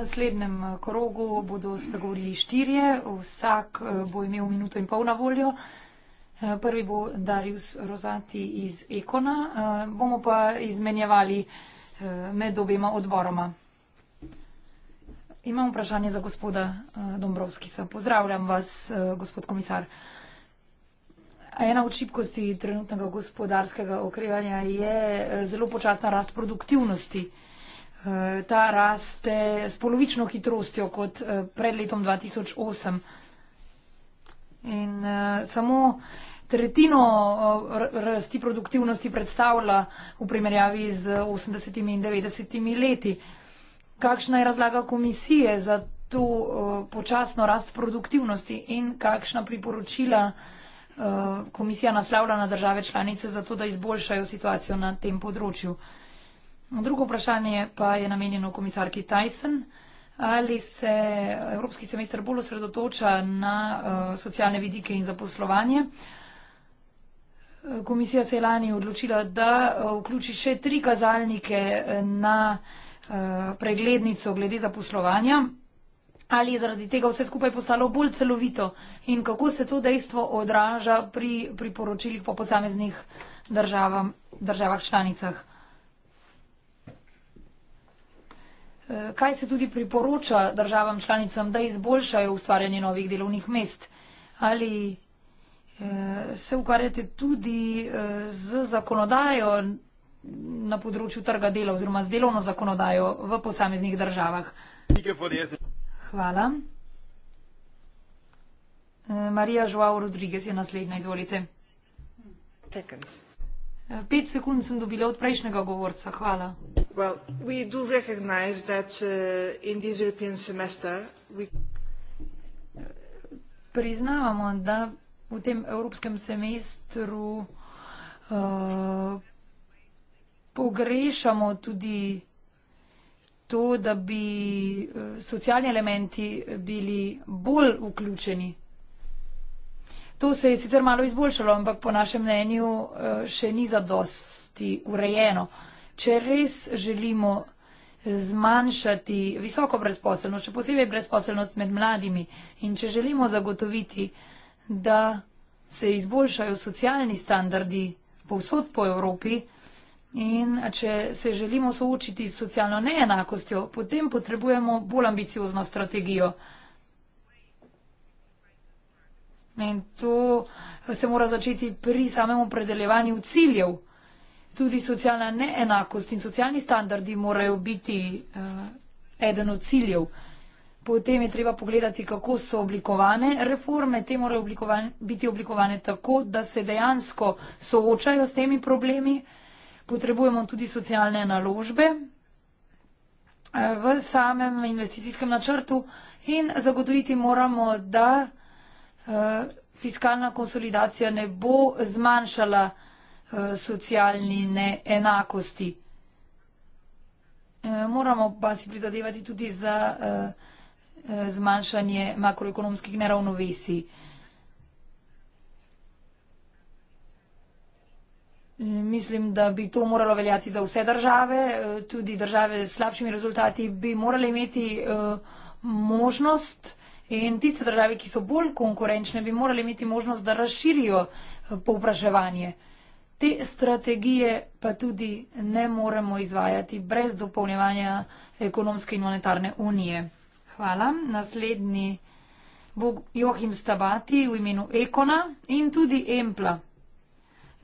naslednjem eh, krogu bodo spregovorili štirje, vsak bo imel minuto in pol na voljo. Uh, Eh, prvi bo Darius Rozati iz Ekona, eh, bomo pa izmenjevali eh, med obema odboroma. Imam vprašanje za gospoda Dombrovskisa. Pozdravljam vas, gospod komisar. Ena od šibkosti trenutnega gospodarskega okrevanja je zelo počasna rast produktivnosti. Ta raste s polovično hitrostjo kot pred letom 2008. In samo tretjino eh, rasti produktivnosti predstavlja v primerjavi z 80 in 90 leti. Kakšna je razlaga komisije za to eh, počasno rast produktivnosti in kakšna priporočila eh, komisija naslavlja na države članice za to, da izboljšajo situacijo na tem področju? Drugo vprašanje pa je namenjeno komisarki Tyson. Ali se Evropski semester bolj osredotoča na uh, socialne vidike in zaposlovanje? Uh, Komisija se je lani odločila, da eh, vključi še tri kazalnike eh, na eh, preglednico glede zaposlovanja. Ali je zaradi tega vse skupaj postalo bolj celovito in kako se to dejstvo odraža pri priporočilih po posameznih državam, državah članicah? Kaj se tudi priporoča državam članicam, da izboljšajo ustvarjanje novih delovnih mest? Ali Eh, se ukvarjate tudi eh, z zakonodajo na področju trga dela oziroma z delovno zakonodajo v posameznih državah. Hvala. Eh, Marija Žuao Rodriguez je naslednja, izvolite. Seconds. Pet sekund sem dobila od prejšnjega govorca, hvala. Well, we do recognize that uh, in this European semester we... Priznavamo, da v tem evropskem semestru uh, pogrešamo tudi to, da bi eh, socialni elementi bili bolj vključeni. To se je sicer malo izboljšalo, ampak po našem mnenju eh, še ni zadosti urejeno. Če res želimo zmanjšati visoko brezposelnost, še posebej brezposelnost med mladimi in če želimo zagotoviti uh, da se izboljšajo socialni standardi povsod po Evropi in če se želimo soočiti s socialno neenakostjo, potem potrebujemo bolj ambiciozno strategijo. In to se mora začeti pri samem opredeljevanju ciljev. Tudi socialna neenakost in socialni standardi morajo biti eh, eden od ciljev. Potem je treba pogledati, kako so oblikovane reforme. Te morajo oblikovan, biti oblikovane tako, da se dejansko soočajo s temi problemi. Potrebujemo tudi socialne naložbe eh, v samem investicijskem načrtu in zagotoviti moramo, da eh, fiskalna konsolidacija ne bo zmanjšala eh, socialni neenakosti. Moramo pa si prizadevati tudi za Eh, zmanjšanje makroekonomskih neravnovesij. Mislim, da bi to moralo veljati za vse države, eh, tudi države s slabšimi rezultati bi morali imeti eh, možnost in tiste države, ki so bolj konkurenčne, bi morali imeti možnost, da razširijo povpraševanje. Te strategije pa tudi ne moremo izvajati brez dopolnjevanja ekonomske in monetarne unije. Hvala. Naslednji bo Johim Stavati v imenu Ekona in tudi Empla.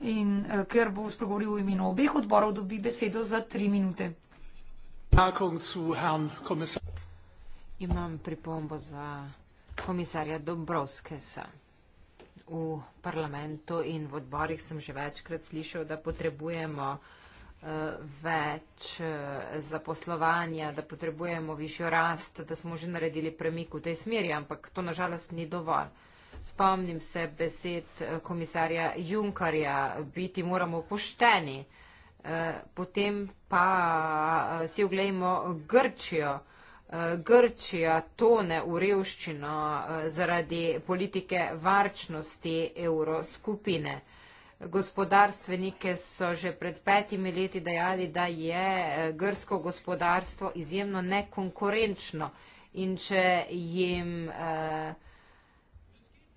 In eh, ker bo spregovoril v imenu obeh odborov, dobi besedo za tri minute. Imam pripombo za komisarja Dombrovskesa. V parlamentu in v odborih sem že večkrat slišal, da potrebujemo več eh, zaposlovanja, da potrebujemo višjo rast, da smo že naredili premik v tej smeri, ampak to nažalost ni dovolj. Spomnim se besed eh, komisarja Junkarja, biti moramo pošteni. Eh, potem pa si oglejmo Grčijo. Grčija tone v revščino zaradi politike varčnosti evroskupine. Gospodarstvenike so že pred petimi leti dejali, da je eh, grsko gospodarstvo izjemno nekonkurenčno in če jim eh,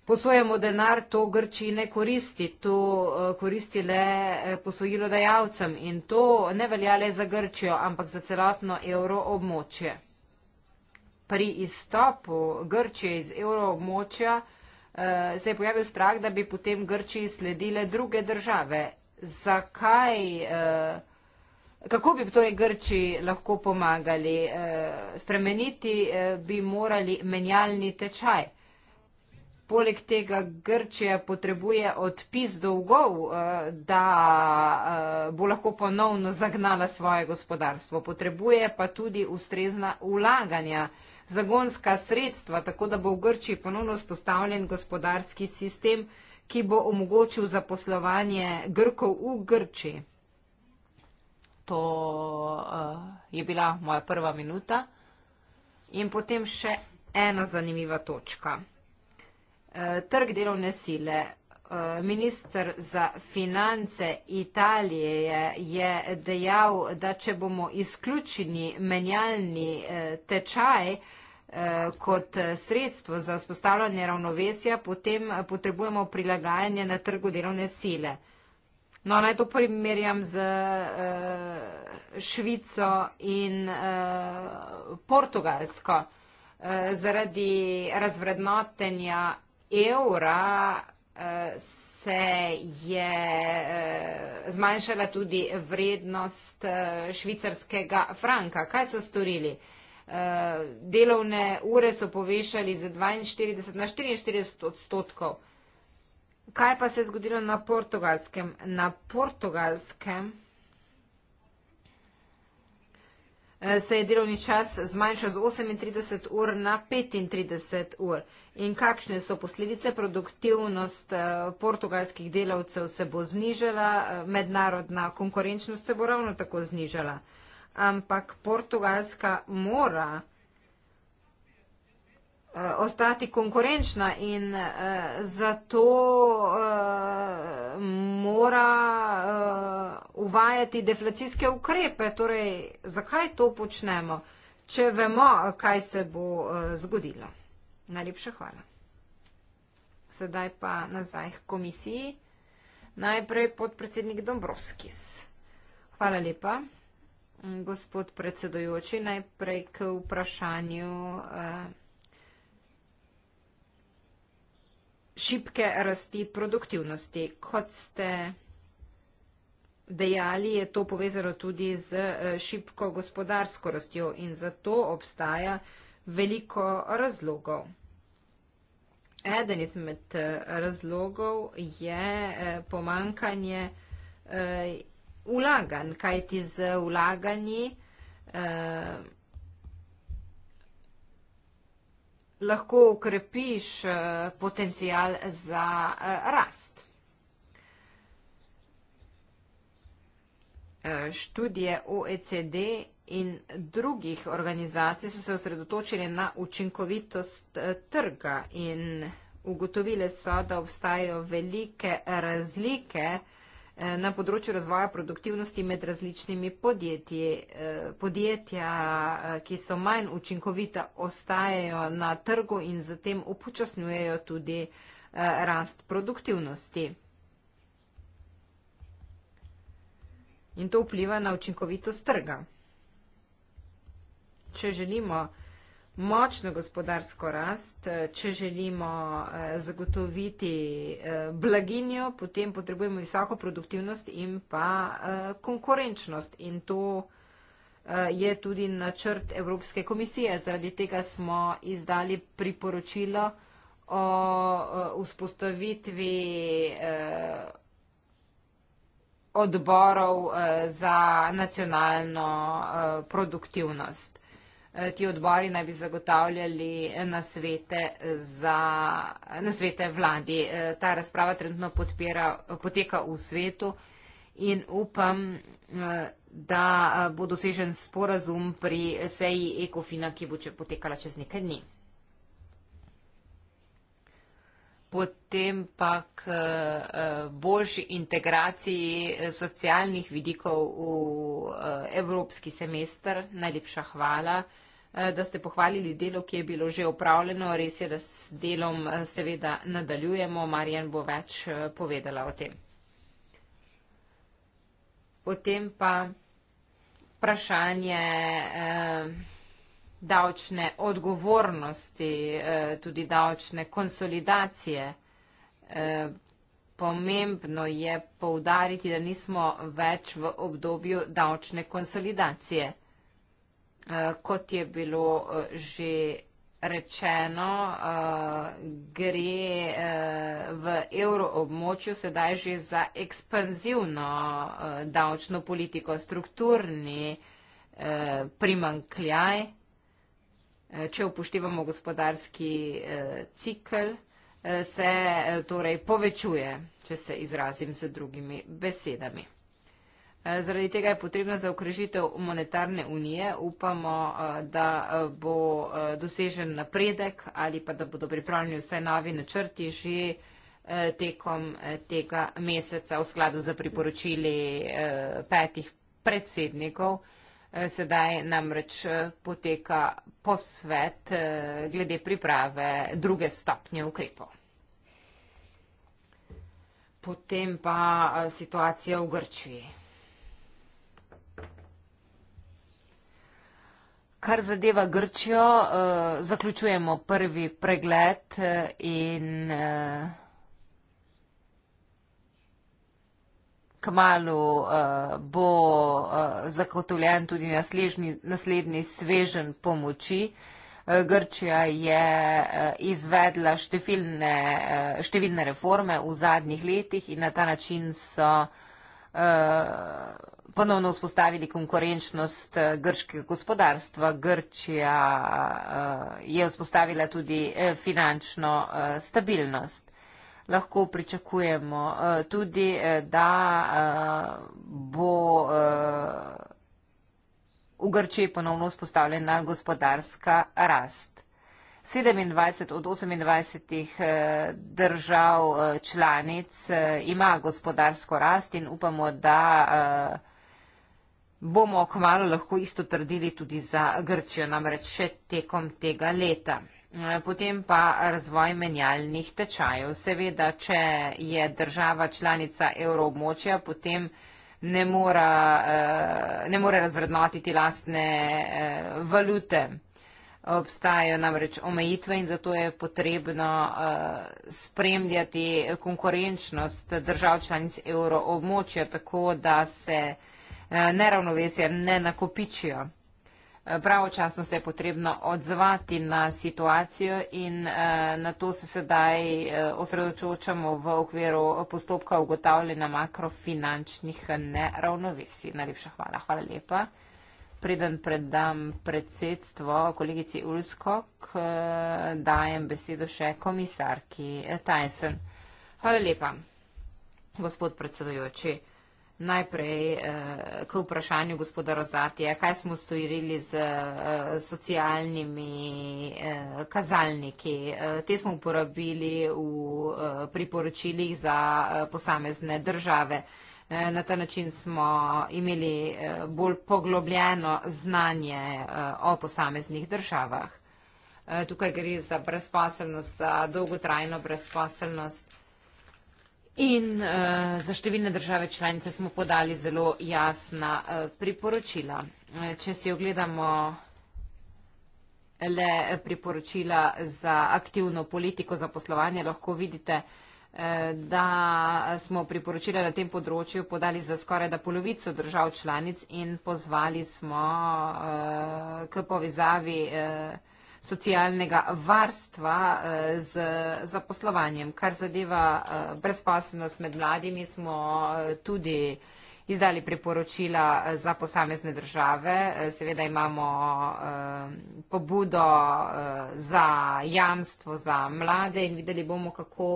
posojamo denar, to Grči ne koristi, to eh, koristi le posojilo dejavcem in to ne velja le za Grčijo, ampak za celotno evroobmočje. Pri izstopu Grčije iz evroobmočja, Eh, se je pojavil strah, da bi potem Grčiji sledile druge države. Zakaj, eh, kako bi torej Grčiji lahko pomagali? Eh, spremeniti bi morali menjalni tečaj. Poleg tega Grčija potrebuje odpis dolgov, da bo lahko ponovno zagnala svoje gospodarstvo. Potrebuje pa tudi ustrezna ulaganja zagonska sredstva, tako da bo v Grčiji ponovno spostavljen gospodarski sistem, ki bo omogočil zaposlovanje Grkov v Grči. To uh, je bila moja prva minuta. In potem še ena zanimiva točka. Uh, trg delovne sile. Uh, minister za finance Italije je, je dejal, da če bomo izključeni menjalni uh, tečaj, uh, Eh, kot sredstvo za vzpostavljanje ravnovesja, potem eh, potrebujemo prilagajanje na trgu delovne sile. No, naj to primerjam z eh, Švico in Portugalsko. Zaradi razvrednotenja evra se je zmanjšala tudi vrednost švicarskega franka. Kaj so storili? Eh, delovne ure so povešali za 42 na 44 odstotkov. Kaj pa se je zgodilo na portugalskem? Na portugalskem eh, se je delovni čas zmanjšal z 38 ur na 35 ur. In kakšne so posledice? Produktivnost eh, portugalskih delavcev se bo znižala, mednarodna konkurenčnost se bo ravno tako znižala ampak Portugalska mora eh, ostati konkurenčna in eh, zato eh, mora uvajati deflacijske ukrepe. Torej, zakaj to počnemo, če vemo, kaj se bo zgodilo? Najlepša hvala. Sedaj pa nazaj k komisiji. Najprej podpredsednik Dombrovskis. Hvala lepa gospod predsedujoči, najprej k vprašanju eh, šibke rasti produktivnosti. Kot ste dejali, je to povezano tudi z eh, šibko gospodarsko rastjo in zato obstaja veliko razlogov. Eden izmed eh, razlogov je pomankanje vlaganj, kaj ti z vlaganji eh, lahko ukrepiš eh, potencial za eh, rast. Eh, študije OECD in drugih organizacij so se osredotočile na učinkovitost eh, trga in ugotovile so, da obstajajo velike razlike eh, Eh, na področju razvoja produktivnosti med različnimi podjetji. Eh, podjetja, eh, ki so manj učinkovita, ostajajo na trgu in zatem upočasnjujejo tudi rast produktivnosti. In to vpliva na učinkovitost trga. Če želimo, da močno gospodarsko rast, eh, če želimo eh, zagotoviti eh, blaginjo, potem potrebujemo visoko produktivnost in pa konkurenčnost. In to je tudi načrt Evropske komisije. Zaradi tega smo izdali priporočilo o vzpostavitvi odborov za nacionalno produktivnost. Eh, ti odbori naj bi zagotavljali nasvete, za, nasvete vladi. Eh, ta razprava trenutno podpira, poteka v svetu in upam, eh, da bo dosežen sporazum pri seji Ekofina, ki bo potekala čez nekaj dni. Potem pa k boljši integraciji socialnih vidikov v evropski semester. Najlepša hvala. Eh, da ste pohvalili delo, ki je bilo že upravljeno. Res je, da s delom eh, seveda nadaljujemo. Marjan bo več eh, povedala o tem. Potem pa vprašanje davčne odgovornosti, tudi davčne konsolidacije. Pomembno je poudariti, da nismo več v obdobju davčne konsolidacije. Eh, kot je bilo eh, že rečeno, eh, gre v evroobmočju sedaj že za ekspanzivno davčno politiko, strukturni primankljaj, če upoštevamo gospodarski cikl se torej povečuje, če se izrazim z drugimi besedami. Eh, zaradi tega je potrebna zaokrežitev monetarne unije. Upamo, eh, da eh, bo dosežen napredek ali pa da bodo pripravljeni vse navi načrti že tekom tega meseca v skladu za priporočili petih predsednikov. Sedaj namreč poteka posvet glede priprave druge stopnje ukrepov. Potem pa situacija v Grčiji. kar zadeva Grčijo, uh, zaključujemo prvi pregled eh, in uh, eh, kmalo uh, bo uh, zagotovljen tudi naslednji, naslednji svežen pomoči. Grčija je izvedla številne, številne reforme v zadnjih letih in na ta način so uh, ponovno vzpostavili konkurenčnost eh, grškega gospodarstva. Grčija eh, je vzpostavila tudi eh, finančno stabilnost. Lahko pričakujemo tudi, da bo v Grčiji ponovno vzpostavljena gospodarska rast. 27 od 28 držav članic ima gospodarsko rast in upamo, da bomo okvalo lahko isto trdili tudi za Grčijo, namreč še tekom tega leta. Eh, potem pa razvoj menjalnih tečajev. Seveda, če je država članica evroobmočja, potem ne, mora, eh, ne more razrednotiti lastne eh, valute. Obstajajo namreč omejitve in zato je potrebno spremljati konkurenčnost držav članic evroobmočja, tako da se Eh, neravnovesja ne nakopičijo. Eh, pravočasno se je potrebno odzvati na situacijo in eh, na to se sedaj osredotočamo v okviru postopka ugotavljanja makrofinančnih neravnovesij. Najlepša hvala. Hvala lepa. Preden predam predsedstvo kolegici Ulskok, dajem besedo še komisarki Tyson. Hvala lepa, gospod predsedujoči najprej eh, k vprašanju gospoda Rozatija, kaj smo storili z eh, socialnimi eh, kazalniki. Te smo uporabili v priporočilih za posamezne države. Na ta način smo imeli bolj poglobljeno znanje o posameznih državah. Tukaj gre za brezposelnost, za dolgotrajno brezposelnost. In uh, za številne države članice smo podali zelo jasna uh, priporočila. Uh, če si ogledamo le priporočila za aktivno politiko za poslovanje, lahko vidite, da smo priporočila na tem področju podali za skoraj da polovico držav članic in pozvali smo k povezavi socialnega varstva eh, z zaposlovanjem. Kar zadeva eh, brezposobnost med mladimi, smo eh, tudi izdali priporočila za posamezne države. Seveda imamo pobudo za jamstvo za mlade in videli bomo, kako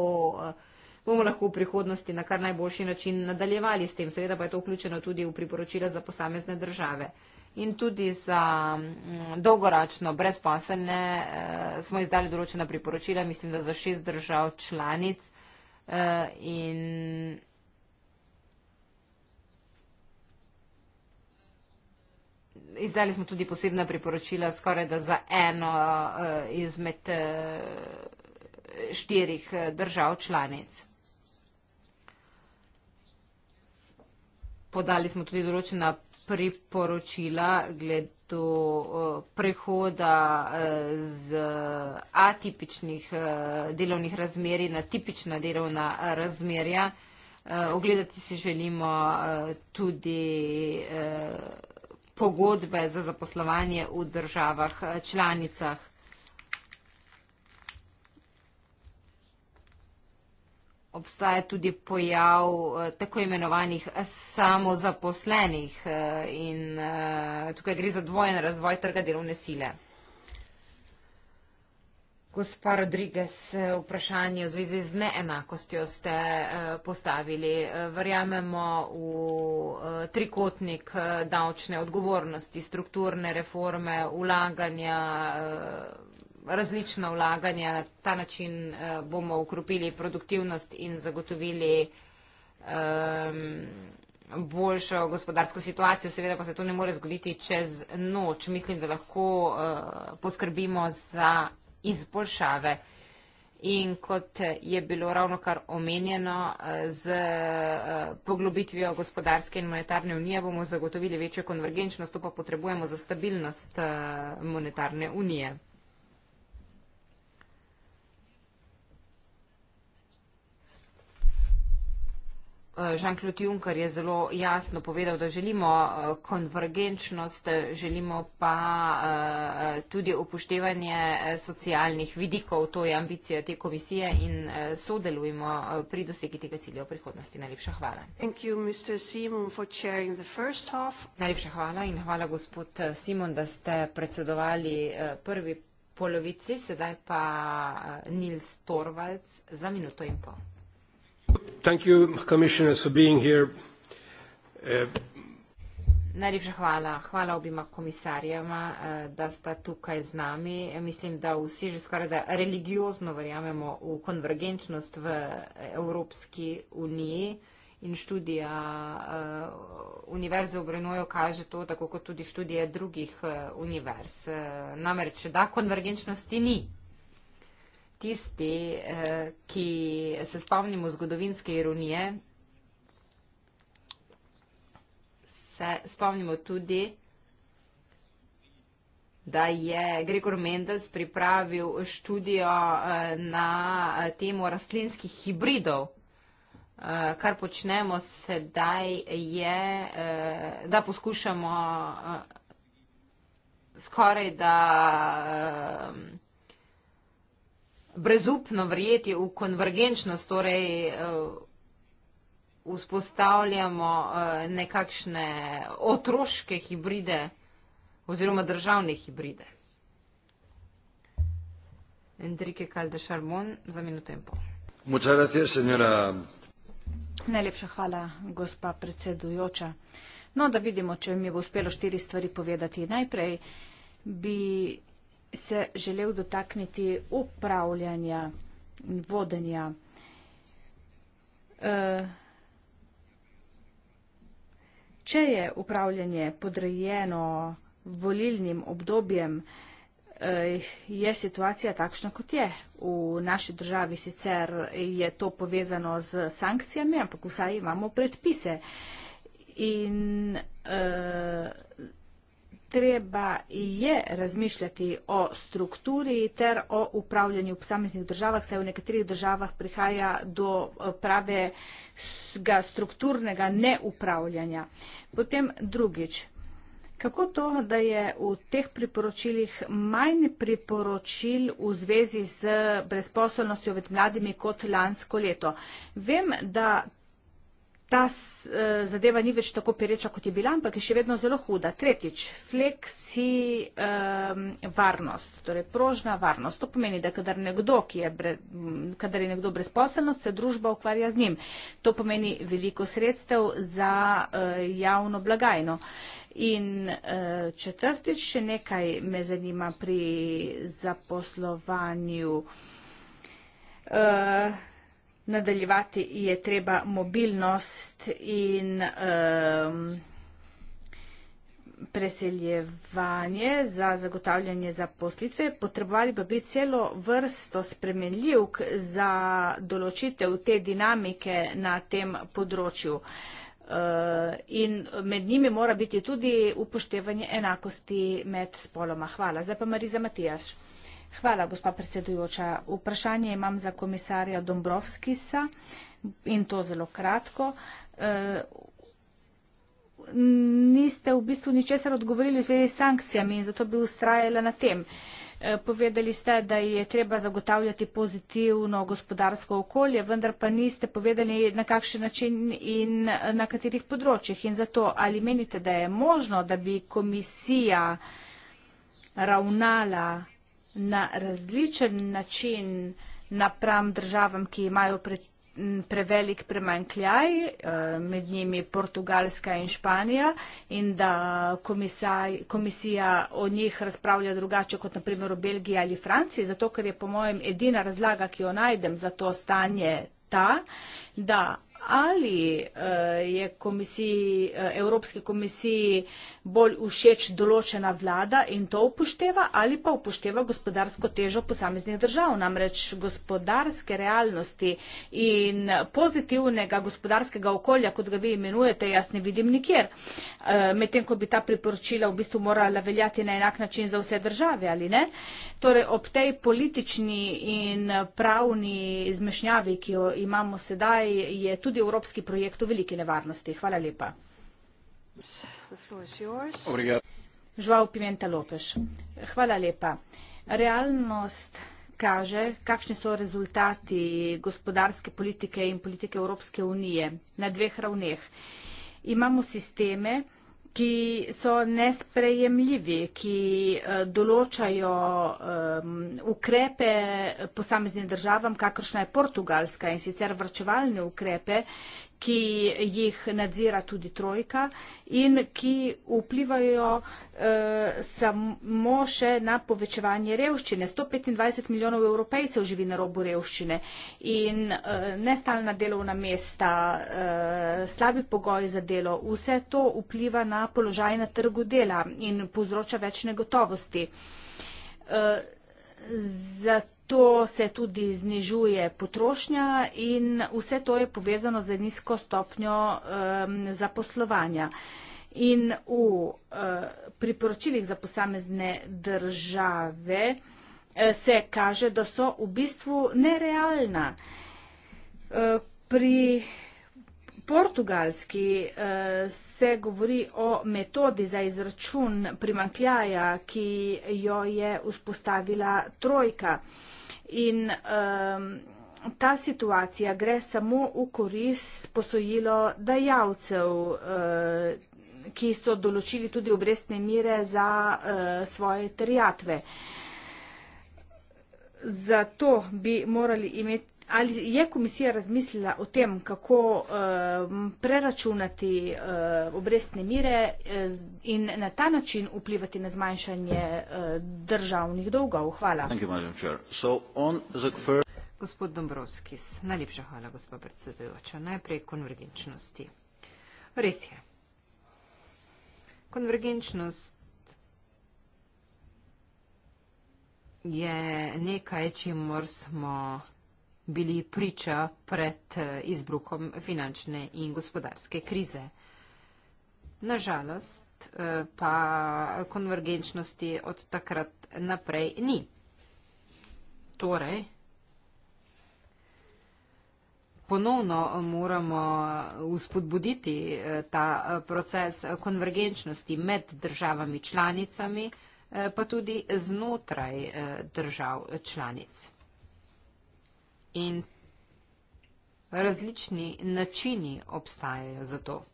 bomo lahko v prihodnosti na kar najboljši način nadaljevali s tem. Seveda pa je to vključeno tudi v priporočila za posamezne države in tudi za mm, dolgoračno brezposelne eh, smo izdali določena priporočila, mislim, da za šest držav članic eh, in izdali smo tudi posebna priporočila skoraj da za eno eh, izmed štirih držav članic. Podali smo tudi določena priporočila priporočila glede prehoda e, z atipičnih e, delovnih razmeri na tipična delovna e, razmerja. Ogledati si želimo tudi pogodbe za zaposlovanje v državah članicah. obstaja tudi pojav eh, tako imenovanih samozaposlenih eh, in eh, tukaj gre za dvojen razvoj trga delovne sile. Gospa Rodriguez, vprašanje v zvezi z neenakostjo ste postavili. Verjamemo v trikotnik davčne odgovornosti, strukturne reforme, ulaganja, različna vlaganja. Na ta način uh, bomo ukropili produktivnost in zagotovili um, boljšo gospodarsko situacijo. Seveda pa se to ne more zgoditi čez noč. Mislim, da lahko uh, poskrbimo za izboljšave. In kot je bilo ravno kar omenjeno, eh, z poglobitvijo gospodarske in monetarne unije bomo zagotovili večjo konvergenčnost, to pa potrebujemo za stabilnost monetarne unije. Jean-Claude Juncker je zelo jasno povedal, da želimo eh, konvergenčnost, želimo pa eh, tudi upoštevanje eh, socialnih vidikov. To je ambicija te komisije in sodelujemo pri dosegi tega cilja v prihodnosti. Najlepša hvala. You, Simon, Najlepša hvala in hvala gospod Simon, da ste predsedovali prvi polovici, sedaj pa Nils Torvalc za minuto in pol. Thank you, commissioner, for being here. Uh, Najlepša hvala. Hvala obima komisarjama, eh, da sta tukaj z nami. Mislim, da vsi že skoraj da religiozno verjamemo v konvergenčnost v Evropski uniji in študija eh, univerze v Brenoju kaže to, tako kot tudi študije drugih eh, univerz. Namreč, da konvergenčnosti ni tisti, eh, ki se spomnimo zgodovinske ironije, se spomnimo tudi, da je Gregor Mendels pripravil študijo eh, na temo rastlinskih hibridov. Eh, kar počnemo sedaj je, da poskušamo skoraj da brezupno verjeti v konvergenčnost, torej uh, vzpostavljamo uh, nekakšne otroške hibride oziroma državne hibride. Enrique Caldešarmon za minuto in pol. Najlepša hvala, gospa predsedujoča. No, da vidimo, če mi bo uspelo štiri stvari povedati. Najprej bi se želel dotakniti upravljanja in vodenja. E, če je upravljanje podrejeno volilnim obdobjem, e, je situacija takšna, kot je. V naši državi sicer je to povezano z sankcijami, ampak vsaj imamo predpise. In e, treba je razmišljati o strukturi ter o upravljanju v posameznih državah, saj v nekaterih državah prihaja do eh, pravega strukturnega neupravljanja. Potem drugič, kako to, da je v teh priporočilih manj priporočil v zvezi z brezposobnostjo med mladimi kot lansko leto? Vem, da ta eh, zadeva ni več tako pereča, kot je bila, ampak je še vedno zelo huda. Tretjič, fleksi um, varnost, torej prožna varnost. To pomeni, da kadar, nekdo, je, bre, kadar je nekdo brezposelnost, se družba ukvarja z njim. To pomeni veliko sredstev za uh, javno blagajno. In uh, četrtič, še nekaj me zanima pri zaposlovanju. Uh, nadaljevati je treba mobilnost in um, preseljevanje za zagotavljanje zaposlitve. Potrebovali pa bi celo vrsto spremenljivk za določitev te dinamike na tem področju. Uh, in med njimi mora biti tudi upoštevanje enakosti med spoloma. Hvala. Zdaj pa Mariza Matijaš. Hvala, gospa predsedujoča. Vprašanje imam za komisarja Dombrovskisa in to zelo kratko. Eh, niste v bistvu ničesar odgovorili v zvezi s sankcijami in zato bi ustrajala na tem. Eh, povedali ste, da je treba zagotavljati pozitivno gospodarsko okolje, vendar pa niste povedali na kakšen način in eh, na katerih področjih. In zato ali menite, da je možno, da bi komisija ravnala na različen način napram državam, ki imajo prevelik premankljaj, eh, med njimi Portugalska in Španija, in da komisija o njih razpravlja drugače kot naprimer o Belgiji ali Franciji, zato ker je po mojem edina razlaga, ki jo najdem za to stanje, ta, da ali eh, je komisiji, eh, Evropske komisiji bolj všeč določena vlada in to upošteva ali pa upošteva gospodarsko težo posameznih držav. Namreč gospodarske realnosti in pozitivnega gospodarskega okolja, kot ga vi imenujete, jaz ne vidim nikjer. Eh, medtem, ko bi ta priporočila v bistvu morala veljati na enak način za vse države, ali ne? Torej, ob tej politični in pravni zmešnjavi, ki jo imamo sedaj, je tudi tudi evropski projekt v veliki nevarnosti. Hvala lepa. Žval Pimenta Lopeš. Hvala lepa. Realnost kaže, kakšni so rezultati gospodarske politike in politike Evropske unije na dveh ravneh. Imamo sisteme, ki so nesprejemljivi, ki eh, določajo ukrepe posameznim državam, kakršna je Portugalska in sicer vrčevalne ukrepe, ki jih nadzira tudi trojka in ki vplivajo eh, samo še na povečevanje revščine. 125 milijonov evropejcev živi na robu revščine in eh, nestalna delovna mesta, eh, slabi pogoji za delo, vse to vpliva na položaj na trgu dela in povzroča več negotovosti. Eh, To se tudi znižuje potrošnja in vse to je povezano z nizko stopnjo um, zaposlovanja. In v uh, priporočilih za posamezne države uh, se kaže, da so v bistvu nerealna. Uh, pri uh, portugalski eh, se govori o metodi za izračun primankljaja, ki jo je vzpostavila trojka. In ta situacija gre samo v korist posojilo dajavcev, eh, ki so določili tudi obrestne mire za eh, svoje terjatve. Zato bi morali imeti Ali je komisija razmislila o tem, kako uh, preračunati uh, obrestne mire uh, in na ta način vplivati na zmanjšanje uh, državnih dolgov? Hvala. Gospod Dombrovskis, najlepša hvala, gospod predsedujoča. Najprej konvergenčnosti. Res je. Konvergenčnost je nekaj, čim mor smo bili priča pred eh, izbruhom finančne in gospodarske krize. Nažalost eh, pa konvergenčnosti od takrat naprej ni. Torej, ponovno moramo uspodbuditi eh, ta proces konvergenčnosti med državami članicami, pa tudi znotraj držav članic. In različni načini obstajajo za to.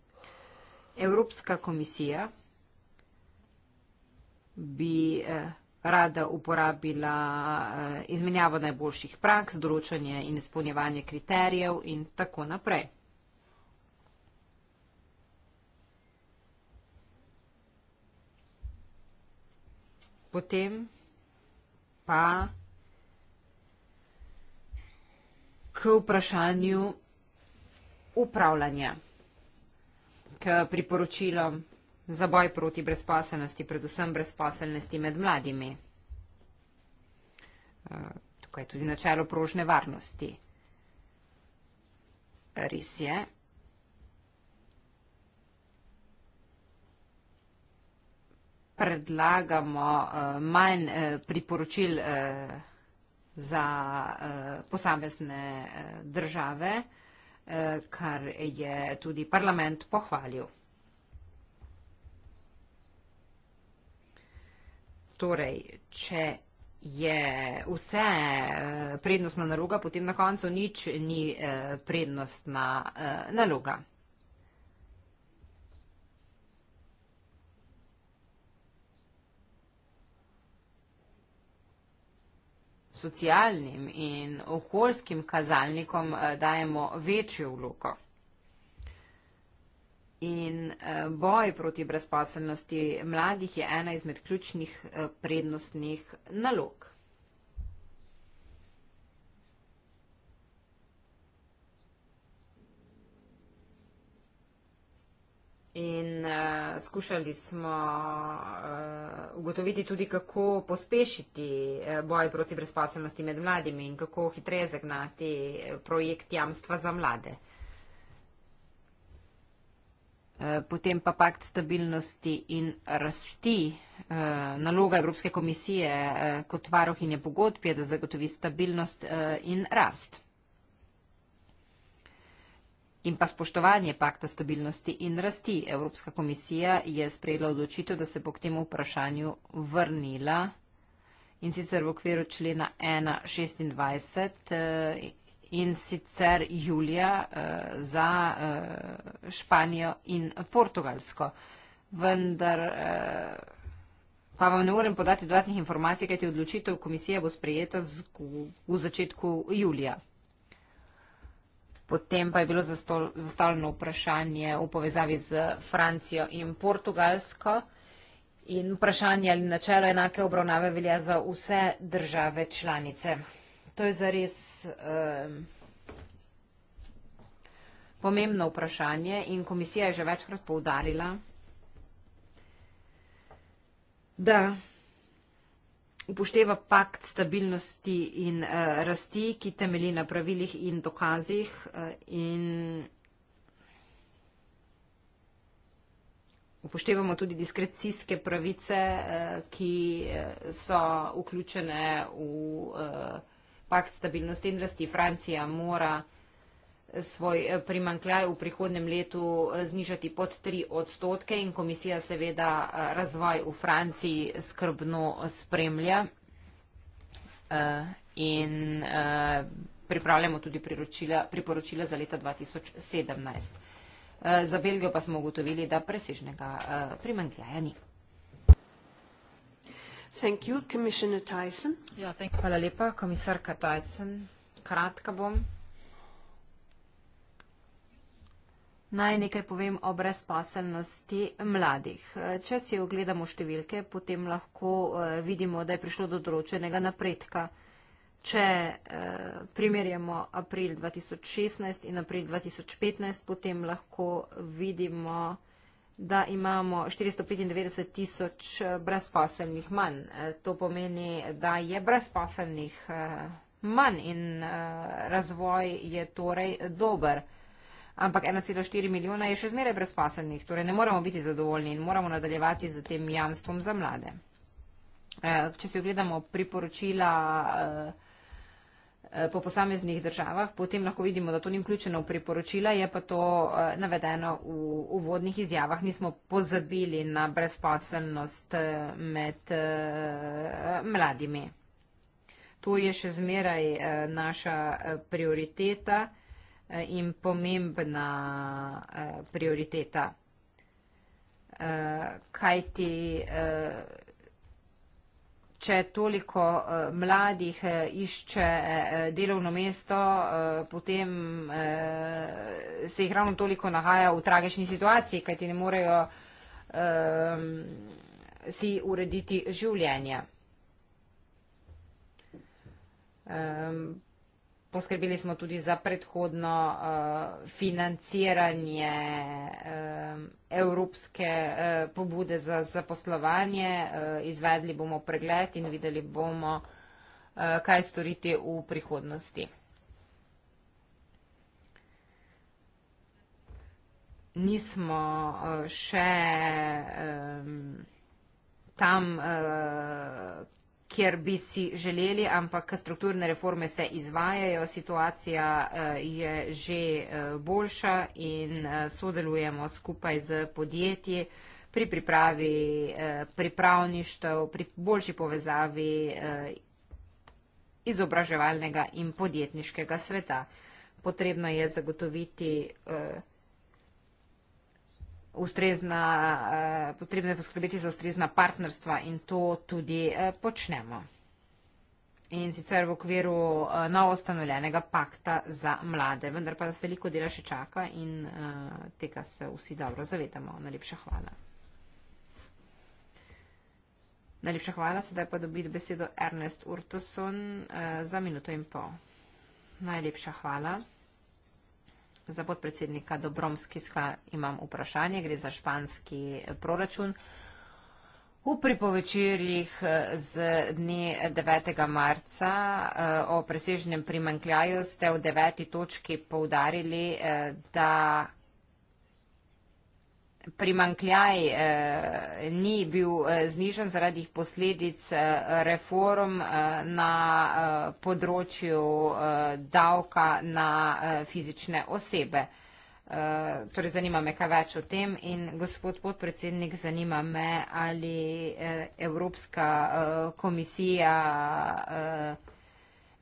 Evropska komisija bi eh, rada uporabila eh, izmenjavo najboljših prak, zdoročanje in izpolnjevanje kriterijev in tako naprej. Potem pa k vprašanju upravljanja, k priporočilom za boj proti brezpaselnosti, predvsem brezpaselnosti med mladimi. Eh, tukaj je tudi načelo prožne varnosti. Res je. Predlagamo eh, manj eh, priporočil vprašanja, za eh, posamezne eh, države, eh, kar je tudi parlament pohvalil. Torej, če je vse prednostna naloga, potem na koncu nič ni prednostna naloga. socialnim in okoljskim kazalnikom eh, dajemo večjo vloko. In eh, boj proti brezposelnosti mladih je ena izmed ključnih eh, prednostnih nalog. In uh, skušali smo uh, ugotoviti tudi, kako pospešiti uh, boj proti brezpaselnosti med mladimi in kako hitreje zagnati projekt jamstva za mlade. Potem pa pakt stabilnosti in rasti. Naloga Evropske komisije kot varohinje pogodb je, da zagotovi stabilnost in rast in pa spoštovanje pakta stabilnosti in rasti. Evropska komisija je sprejela odločitev, da se bo k temu vprašanju vrnila in sicer v okviru člena 1.26 eh, in sicer julija eh, za eh, Španijo in Portugalsko. Vendar pa vam ne morem podati dodatnih informacij, kajti odločitev komisija bo sprejeta v začetku julija. Potem pa je bilo zastavljeno vprašanje v povezavi z Francijo in Portugalsko. In vprašanje ali načelo enake obravnave velja za vse države članice. To je zares eh, pomembno vprašanje in komisija je že večkrat poudarila, da upošteva pakt stabilnosti in uh, rasti, ki temeli na pravilih in dokazih uh, in upoštevamo tudi diskrecijske pravice, uh, ki so vključene v uh, pakt stabilnosti in rasti. Francija mora svoj eh, primankljaj v prihodnem letu eh, znižati pod 3 odstotke in komisija seveda eh, razvoj v Franciji skrbno spremlja in pripravljamo tudi priporočila za leta 2017. Za Belgijo pa smo ugotovili, da presežnega primankljaja ni. Thank you, Commissioner Tyson. Ja, thank you. Hvala lepa, komisarka Tyson. Kratka bom. Naj nekaj povem o brezposelnosti mladih. Če si ogledamo številke, potem lahko eh, vidimo, da je prišlo do določenega napredka. Če eh, primerjamo april 2016 in april 2015, potem lahko vidimo, da imamo 495 tisoč eh, brezposelnih manj. To pomeni, da je brezposelnih manj in razvoj je torej dober ampak 1,4 milijona je še zmeraj brezposelnih, torej ne moremo biti zadovoljni in moramo nadaljevati z tem jamstvom za mlade. Eh, če si ogledamo priporočila eh, eh, po posameznih državah, potem lahko vidimo, da to ni vključeno v priporočila, je pa to navedeno v uvodnih izjavah. Nismo pozabili na brezposelnost med mladimi. To je še zmeraj naša prioriteta. Eh, in pomembna eh, prioriteta. Eh, kaj ti, če toliko mladih išče delovno mesto, potem se jih ravno toliko nahaja v tragični situaciji, kaj ti ne morejo si urediti življenja. Poskrbeli smo tudi za predhodno uh, financiranje uh, evropske uh, pobude za zaposlovanje. Uh, izvedli bomo pregled in videli bomo, uh, kaj storiti v prihodnosti. Nismo uh, še um, tam. Uh, kjer bi si želeli, ampak strukturne reforme se izvajajo, situacija eh, je že eh, boljša in eh, sodelujemo skupaj z podjetji pri pripravi pripravništev, pri boljši povezavi izobraževalnega in podjetniškega sveta. Potrebno je zagotoviti vsega, ustrezna, eh, potrebno je poskrbeti za ustrezna partnerstva in to tudi eh, počnemo. In sicer v okviru eh, novo ustanovljenega pakta za mlade, vendar pa nas veliko dela še čaka in tega se vsi dobro zavedamo. Najlepša hvala. Najlepša hvala, sedaj pa dobiti besedo Ernest Urtoson za minuto in pol. Najlepša hvala. Za podpredsednika Dobromskiska imam vprašanje, gre za španski proračun. V pripovečerjih eh, z dne 9. marca eh, o preseženem primankljaju ste v deveti točki poudarili, eh, da primankljaj eh, ni bil eh, znižen zaradi posledic eh, reform eh, na eh, področju eh, davka na eh, fizične osebe. Eh, torej, zanima me, kaj več o tem in gospod podpredsednik, zanima me, ali eh, Evropska eh, komisija eh,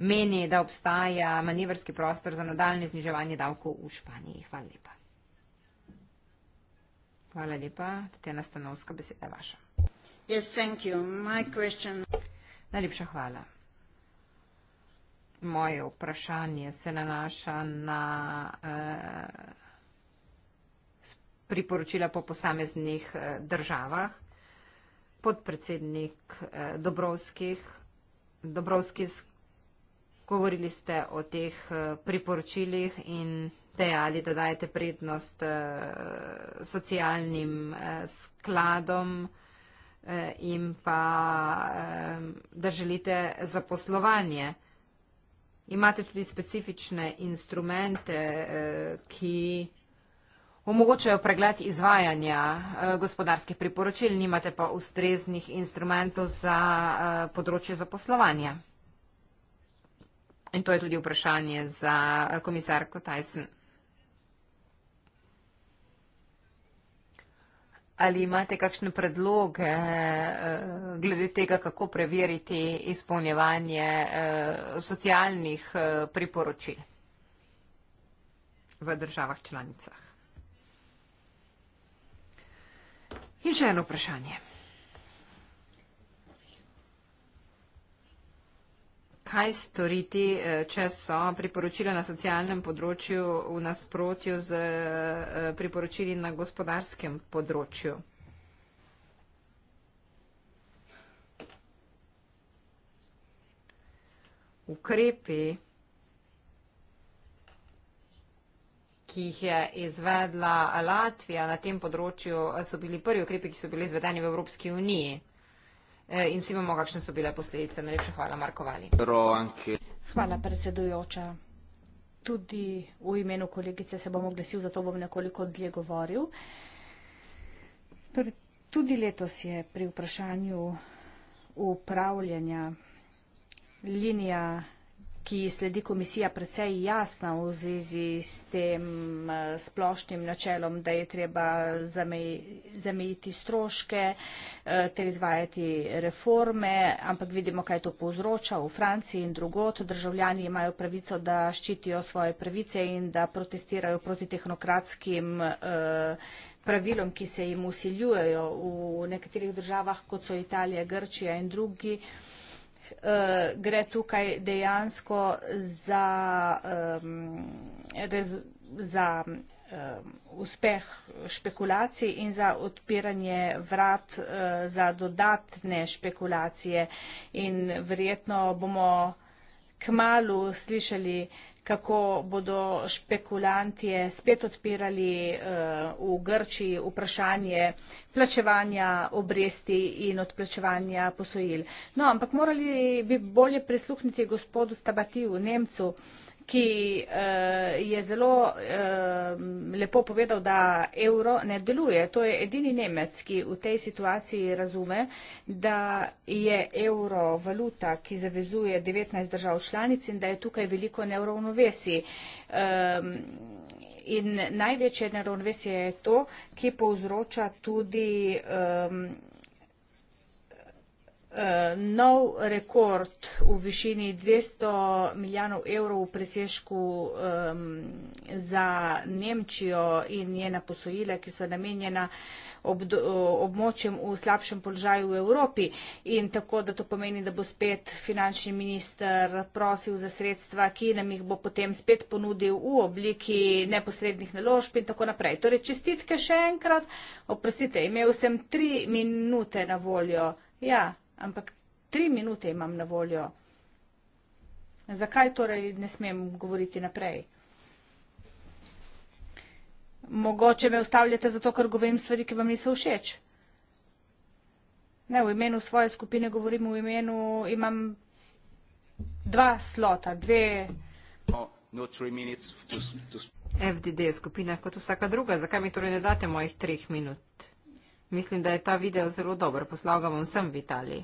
meni, da obstaja manevrski prostor za nadaljne zniževanje davkov v Španiji. Hvala lepa. Hvala lepa. Tena Stanovska, beseda vaša. Yes, thank you. My question... Najlepša hvala. Moje vprašanje se nanaša na eh, priporočila po posameznih eh, državah. Podpredsednik eh, Dobrovskih, Dobrovski, govorili ste o teh eh, priporočilih in dajete ali da dajete prednost uh, socialnim uh, skladom uh, in pa uh, da želite zaposlovanje. Imate tudi specifične instrumente, uh, ki omogočajo pregled izvajanja uh, gospodarskih priporočil, nimate pa ustreznih instrumentov za uh, področje zaposlovanja. In to je tudi vprašanje za komisarko Tyson. Ali imate kakšne predloge eh, glede tega, kako preveriti izpolnjevanje eh, socialnih eh, priporočil v državah članicah? In še eno vprašanje. kaj storiti, eh, če so priporočila na socialnem področju v nasprotju z eh, priporočili na gospodarskem področju. Ukrepi, ki jih je izvedla Latvija na tem področju, so bili prvi ukrepi, ki so bili izvedeni v Evropski uniji. Eh, in vsi vemo, kakšne so bile posledice. Najlepša hvala, Marko Vali. Hvala, predsedujoča. Tudi v imenu kolegice se bom oglesil, zato bom nekoliko dlje govoril. Torej, tudi letos je pri vprašanju upravljanja linija ki sledi komisija precej jasna v zvezi s tem eh, splošnim načelom, da je treba zamejiti stroške eh, ter izvajati reforme, ampak vidimo, kaj to povzroča v Franciji in drugot. Državljani imajo pravico, da ščitijo svoje pravice in da protestirajo proti tehnokratskim eh, pravilom, ki se jim usiljujejo v nekaterih državah, kot so Italija, Grčija in drugi. Eh, gre tukaj dejansko za, um, rez, za um, uspeh špekulacij in za odpiranje vrat uh, za dodatne špekulacije. In verjetno bomo kmalo slišali uh, kako bodo špekulantje spet odpirali eh, v Grčiji vprašanje plačevanja obresti in odplačevanja posojil. No, ampak morali bi bolje prisluhniti gospodu Stabatiju, Nemcu, ki uh, je zelo uh, lepo povedal, da evro ne deluje. To je edini Nemec, ki v tej situaciji razume, da je evro valuta, ki zavezuje 19 držav članic in da je tukaj veliko neuravnovesi. Um, ehm, in največje neuravnovesje je to, ki povzroča tudi um, Eh, nov rekord v višini 200 milijonov evrov v presežku um, za Nemčijo in njena posojila, ki so namenjena območjem v slabšem položaju v Evropi. In tako, da to pomeni, da bo spet finančni minister prosil za sredstva, ki nam jih bo potem spet ponudil v obliki neposrednih naložb in tako naprej. Torej, čestitke še enkrat. Oprostite, imel sem tri minute na voljo. Ja ampak tri minute imam na voljo. Zakaj torej ne smem govoriti naprej? Mogoče me ustavljate zato, ker govorim stvari, ki vam niso všeč. Ne, v imenu svoje skupine govorim, v imenu imam dva slota, dve. Oh, no FDD je skupina kot vsaka druga. Zakaj mi torej ne date mojih treh minut? Mislim, da je ta video zelo dober. Poslal ga bom vsem v Italiji.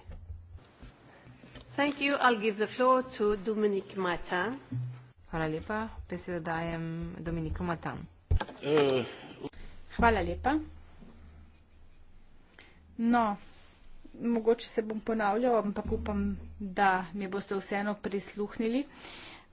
Hvala lepa. Besedo dajem Dominiku Matan. Eh. Hvala lepa. No, mogoče se bom ponavljal, ampak upam, da mi boste vseeno prisluhnili. Uh,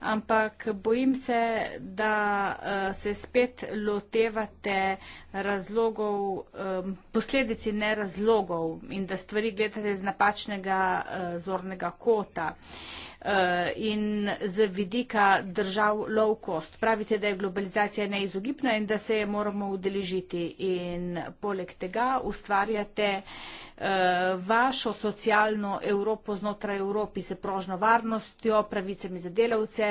ampak bojim se, da uh, se spet lotevate razlogov, um, posledici ne razlogov in da stvari gledate z napačnega uh, zornega kota uh, in z vidika držav low cost. Pravite, da je globalizacija neizogibna in da se je moramo udeležiti in poleg tega ustvarjate uh, Eh, vašo socialno Evropo znotraj Evropi se prožno varnostjo, pravicami za delavce,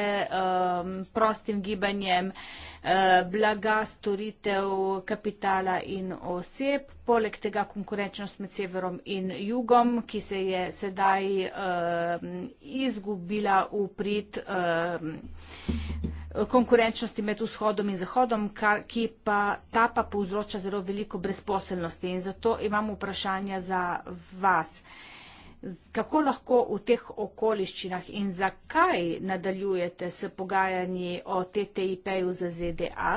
prostim gibanjem, eh, blaga, storitev, kapitala in oseb, poleg tega konkurenčnost med severom in jugom, ki se je sedaj izgubila v prid konkurenčnosti med vzhodom in zahodom, kar, ki pa, ta pa povzroča zelo veliko brezposelnosti in zato imam vprašanja za vas. Kako lahko v teh okoliščinah in zakaj nadaljujete s pogajanji o TTIP-ju za ZDA?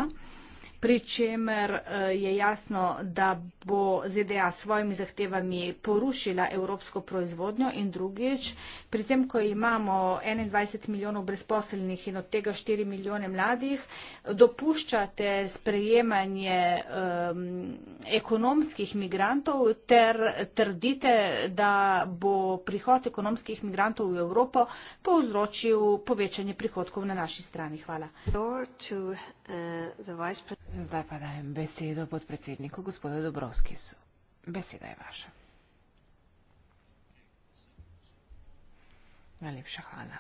pri čemer eh, je jasno, da bo ZDA s svojimi zahtevami porušila evropsko proizvodnjo in drugič, pri tem, ko imamo 21 milijonov brezposelnih in od tega 4 milijone mladih, dopuščate sprejemanje um, ekonomskih migrantov ter trdite, da bo prihod ekonomskih migrantov v Evropo povzročil povečanje prihodkov na naši strani. Hvala. Zdaj pa dajem besedo podpredsedniku gospodu Dobrovskisu. Beseda je vaša. Najlepša hvala.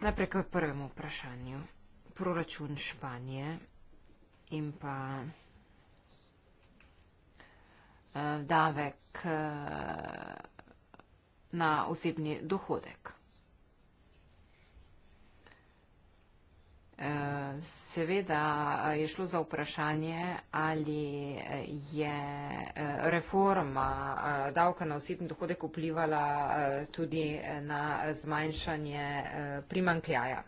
Najprej k prvemu vprašanju. Proračun Španije in pa eh, davek eh, na osebni dohodek. Seveda je šlo za vprašanje, ali e, je e, reforma davka na osebni dohodek vplivala tudi e, na zmanjšanje primankljaja.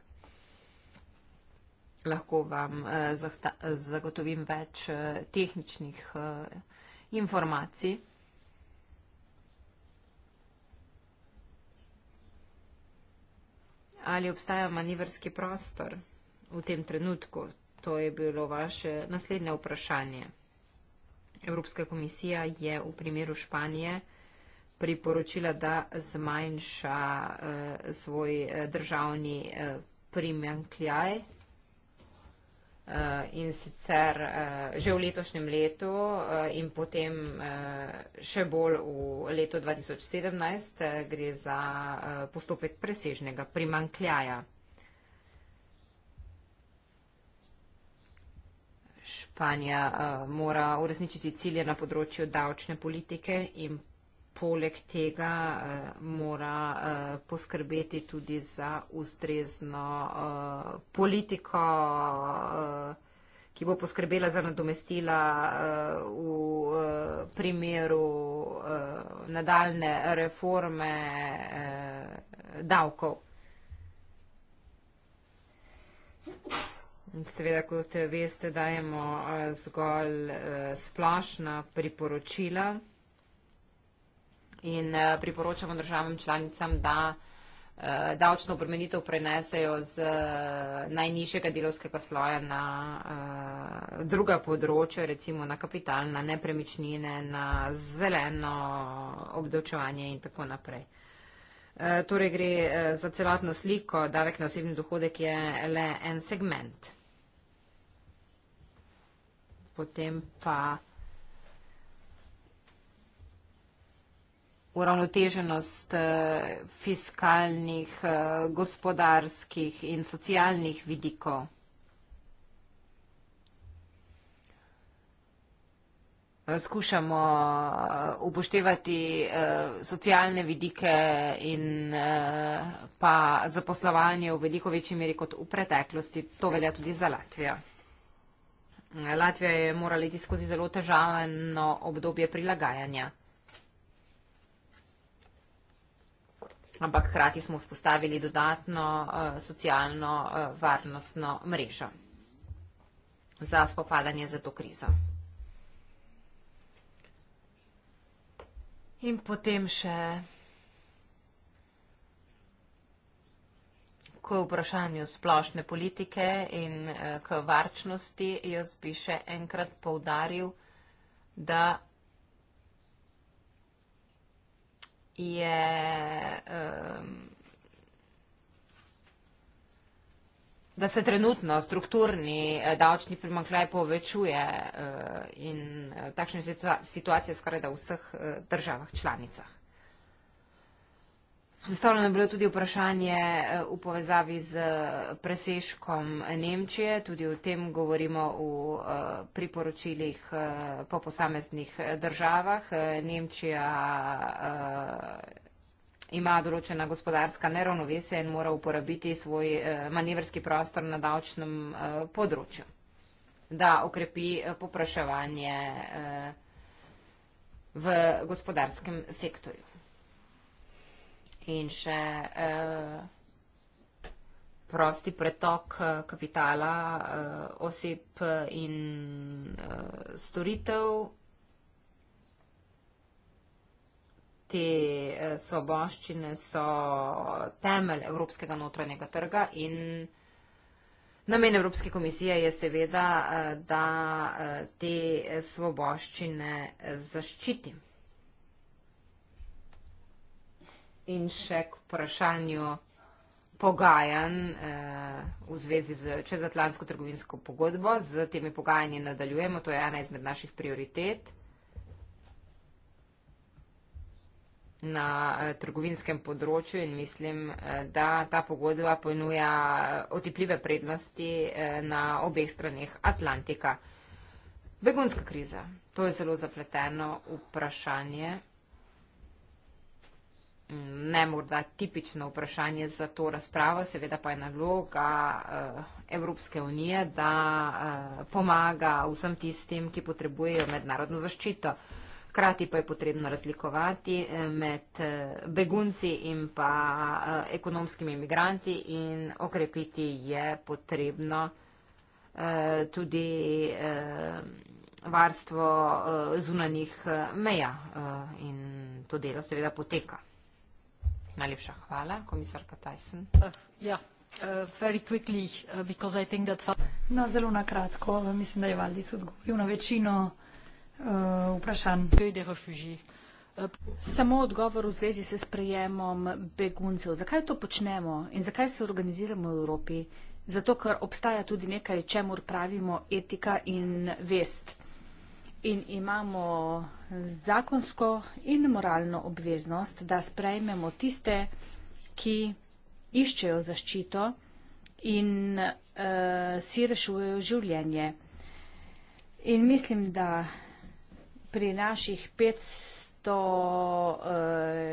Lahko vam zagotovim več tehničnih informacij. Ali obstaja manjvrski prostor? v tem trenutku? To je bilo vaše naslednje vprašanje. Evropska komisija je v primeru Španije priporočila, da zmanjša eh, svoj eh, državni eh, primankljaj. Eh, in sicer eh, že v letošnjem letu in potem še bolj v letu 2017 gre za postopek presežnega primankljaja. Španija uh, mora uresničiti cilje na področju davčne politike in poleg tega uh, mora uh, poskrbeti tudi za ustrezno uh, politiko, uh, ki bo poskrbela za nadomestila uh, v uh, primeru uh, nadaljne reforme uh, davkov. Thank you. Seveda, kot veste, dajemo zgolj e, splošna priporočila in e, priporočamo državam članicam, da e, davčno obremenitev prenesejo z najnižjega delovskega sloja na druga področja, recimo na kapital, na nepremičnine, na zeleno obdočevanje in tako naprej. Torej gre za celotno sliko, davek na osebni dohodek je le en segment potem pa uravnoteženost eh, fiskalnih, eh, gospodarskih in socialnih vidikov. Skušamo eh, upoštevati socialne vidike in pa zaposlovanje v veliko večji meri kot v preteklosti. To velja tudi za Latvijo. Latvija je morala iti skozi zelo težavno obdobje prilagajanja. Ampak hkrati smo vzpostavili dodatno uh, socialno uh, varnostno mrežo za spopadanje za to krizo. In potem še. k vprašanju splošne politike in eh, k varčnosti, jaz bi še enkrat povdaril, da je ehm, da se trenutno strukturni eh, davčni primankljaj povečuje eh, in takšna situacija skoraj da v vseh državah članicah. Zastavljeno je bilo tudi vprašanje eh, v povezavi z eh, preseškom Nemčije, tudi o tem govorimo v eh, priporočilih po posameznih državah. Nemčija ima določena gospodarska neravnovesja in mora uporabiti svoj manevrski prostor na davčnem področju, da okrepi popraševanje v gospodarskem sektorju in še eh, prosti pretok eh, kapitala, eh, oseb in storitev. Te svoboščine so temelj Evropskega notranjega trga in namen Evropske komisije je seveda, da te svoboščine zaščitim. in še k vprašanju pogajanj eh, v zvezi z čezatlansko trgovinsko pogodbo. Z temi pogajanji nadaljujemo, to je ena izmed naših prioritet na eh, trgovinskem področju in mislim, eh, da ta pogodba ponuja otipljive prednosti na obeh straneh Atlantika. Begunska kriza, to je zelo zapleteno vprašanje ne morda tipično vprašanje za to razpravo, seveda pa je naloga eh, Evropske unije, da eh, pomaga vsem tistim, ki potrebujejo mednarodno zaščito. Krati pa je potrebno razlikovati eh, med begunci in pa ekonomskimi imigranti in okrepiti je potrebno tudi varstvo zunanih meja in to delo seveda poteka. Najlepša hvala. Komisarka Tyson. Ja, very quickly, uh, because I think that... No, zelo nakratko. Mislim, da je Valdis odgovoril na večino vprašanj. Samo odgovor v zvezi s sprejemom beguncev. Zakaj to počnemo in zakaj se organiziramo v Evropi? Zato, ker obstaja tudi nekaj, čemur pravimo etika in vest in imamo zakonsko in moralno obveznost, da sprejmemo tiste, ki iščejo zaščito in uh, si rešujejo življenje. In mislim, da pri naših 550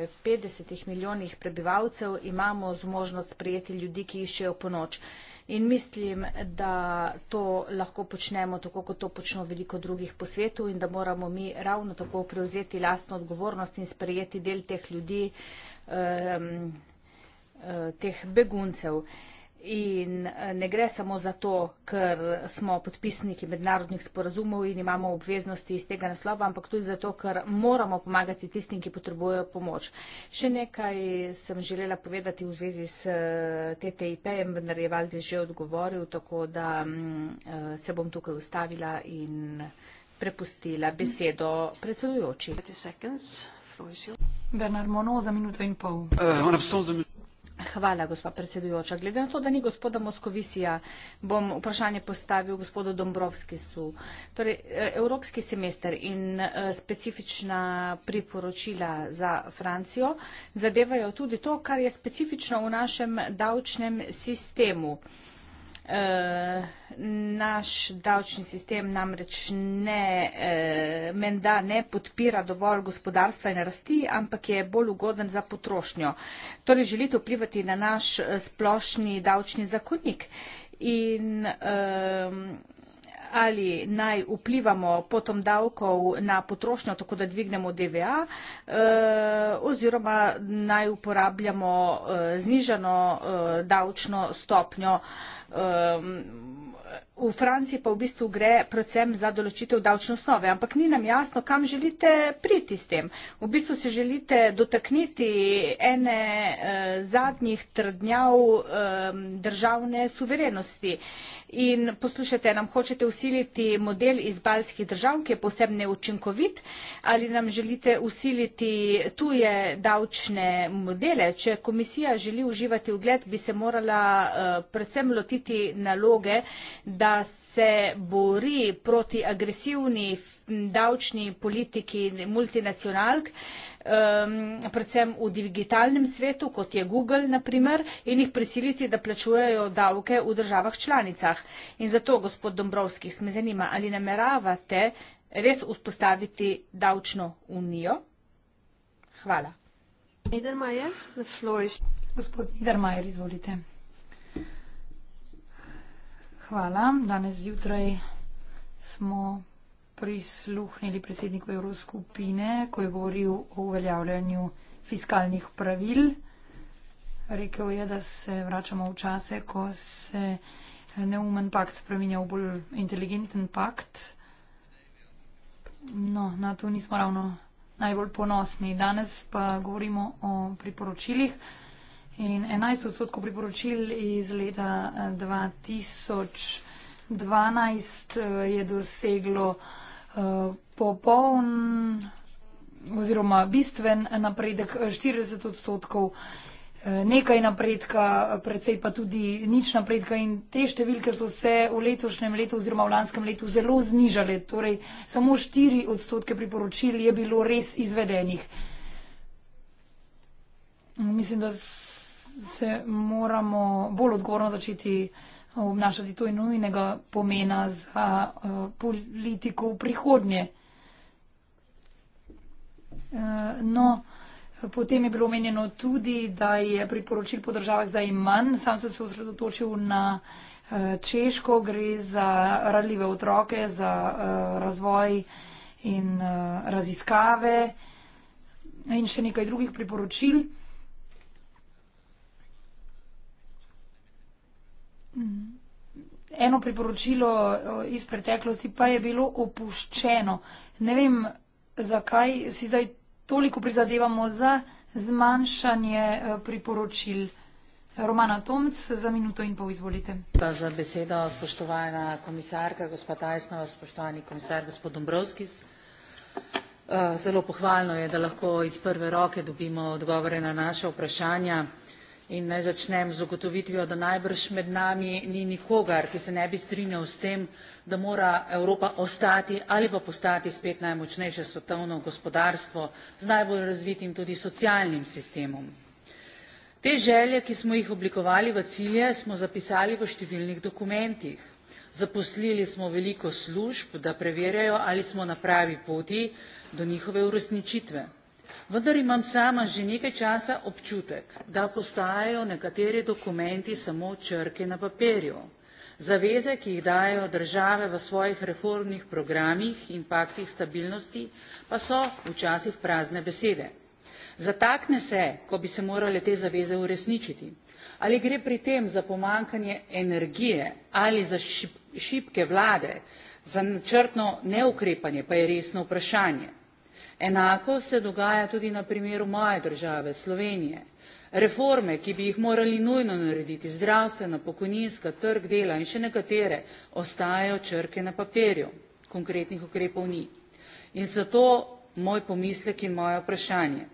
eh, milijonih prebivalcev imamo zmožnost sprejeti ljudi, ki iščejo ponoči in mislim, da to lahko počnemo tako, kot to počno veliko drugih po svetu in da moramo mi ravno tako prevzeti lastno odgovornost in sprejeti del teh ljudi, eh, teh beguncev in eh, ne gre samo za to, ker smo podpisniki mednarodnih sporazumov in imamo obveznosti iz tega naslova, ampak tudi zato, ker moramo pomagati tistim, ki potrebujejo pomoč. Še nekaj sem želela povedati v zvezi s eh, TTIP-em, vendar je Valdis že odgovoril, tako da mm, eh, se bom tukaj ustavila in prepustila besedo predsedujoči. Bernard Mono za minuto in pol. Uh, Hvala, gospa predsedujoča. Glede na to, da ni gospoda Moskovisija, bom vprašanje postavil gospodu Dombrovskisu. Torej, e, evropski semester in e, specifična priporočila za Francijo zadevajo tudi to, kar je specifično v našem davčnem sistemu. Eh, naš davčni sistem namreč ne, eh, menda ne podpira dovolj gospodarstva in rasti, ampak je bolj ugoden za potrošnjo. Torej želite vplivati na naš eh, splošni davčni zakonnik in um, ali naj vplivamo potom davkov na potrošnjo, tako da dvignemo DVA, eh, oziroma naj uporabljamo eh, znižano eh, davčno stopnjo. V Franciji pa v bistvu gre predvsem za določitev davčne osnove, ampak ni nam jasno, kam želite priti s tem. V bistvu se želite dotakniti ene eh, zadnjih trdnjav eh, državne suverenosti in poslušajte, nam hočete vsi usiliti model iz baljskih držav, ki je posebne učinkovit, ali nam želite usiliti tuje davčne modele. Če komisija želi uživati ugled, bi se morala eh, predvsem lotiti naloge, da se se bori proti agresivni davčni politiki multinacionalk, predvsem v digitalnem svetu, kot je Google naprimer, in jih prisiliti, da plačujejo davke v državah članicah. In zato, gospod Dombrovski, me zanima, ali nameravate res vzpostaviti davčno unijo? Hvala. Gospod Niedermayer, izvolite. Hvala. Danes zjutraj smo prisluhnili predsedniku Evroskupine, ko je govoril o uveljavljanju fiskalnih pravil. Rekel je, da se vračamo v čase, ko se neumen pakt spreminja v bolj inteligenten pakt. No, na to nismo ravno najbolj ponosni. Danes pa govorimo o priporočilih. In 11 odstotkov priporočil iz leta 2012 eh, eh, je doseglo eh, popoln oziroma bistven napredek 40 odstotkov, nekaj napredka, predvsej pa tudi nič napredka in te številke so se v letošnjem letu oziroma v lanskem letu zelo znižale. Torej, samo 4 odstotke priporočil je bilo res izvedenih. Mislim, da se moramo bolj odgovorno začeti obnašati. To je nujnega pomena za uh, politiko v prihodnje. Uh, no, potem je bilo omenjeno tudi, da je priporočil po državah zdaj manj. Sam sem se osredotočil na uh, Češko, gre za ranljive otroke, za uh, razvoj in uh, raziskave in še nekaj drugih priporočil. Eno priporočilo iz preteklosti pa je bilo opuščeno. Ne vem, zakaj si zdaj toliko prizadevamo za zmanjšanje e, priporočil. Romana Tomc, za minuto in pol izvolite. Pa za besedo, spoštovana komisarka, gospa Tajsnova, spoštovani komisar, gospod Dombrovskis. E, zelo pohvalno je, da lahko iz prve roke dobimo odgovore na naše vprašanja. In naj začnem z ugotovitvijo, da najbrž med nami ni nikogar, ki se ne bi strinjal s tem, da mora Evropa ostati ali pa postati spet najmočnejše svetovno gospodarstvo z najbolj razvitim tudi socialnim sistemom. Te želje, ki smo jih oblikovali v cilje, smo zapisali v številnih dokumentih. Zaposlili smo veliko služb, da preverjajo, ali smo na pravi poti do njihove uresničitve. Vendar imam sama že nekaj časa občutek, da postajajo nekateri dokumenti samo črke na papirju. Zaveze, ki jih dajo države v svojih reformnih programih in paktih stabilnosti, pa so včasih prazne besede. Zatakne se, ko bi se morale te zaveze uresničiti. Ali gre pri tem za pomankanje energije ali za šip, šipke vlade, za načrtno neukrepanje, pa je resno vprašanje. Enako se dogaja tudi na primeru moje države, Slovenije. Reforme, ki bi jih morali nujno narediti, zdravstvena, pokojninska, trg dela in še nekatere, ostajajo črke na papirju. Konkretnih ukrepov ni. In zato moj pomislek in moje vprašanje.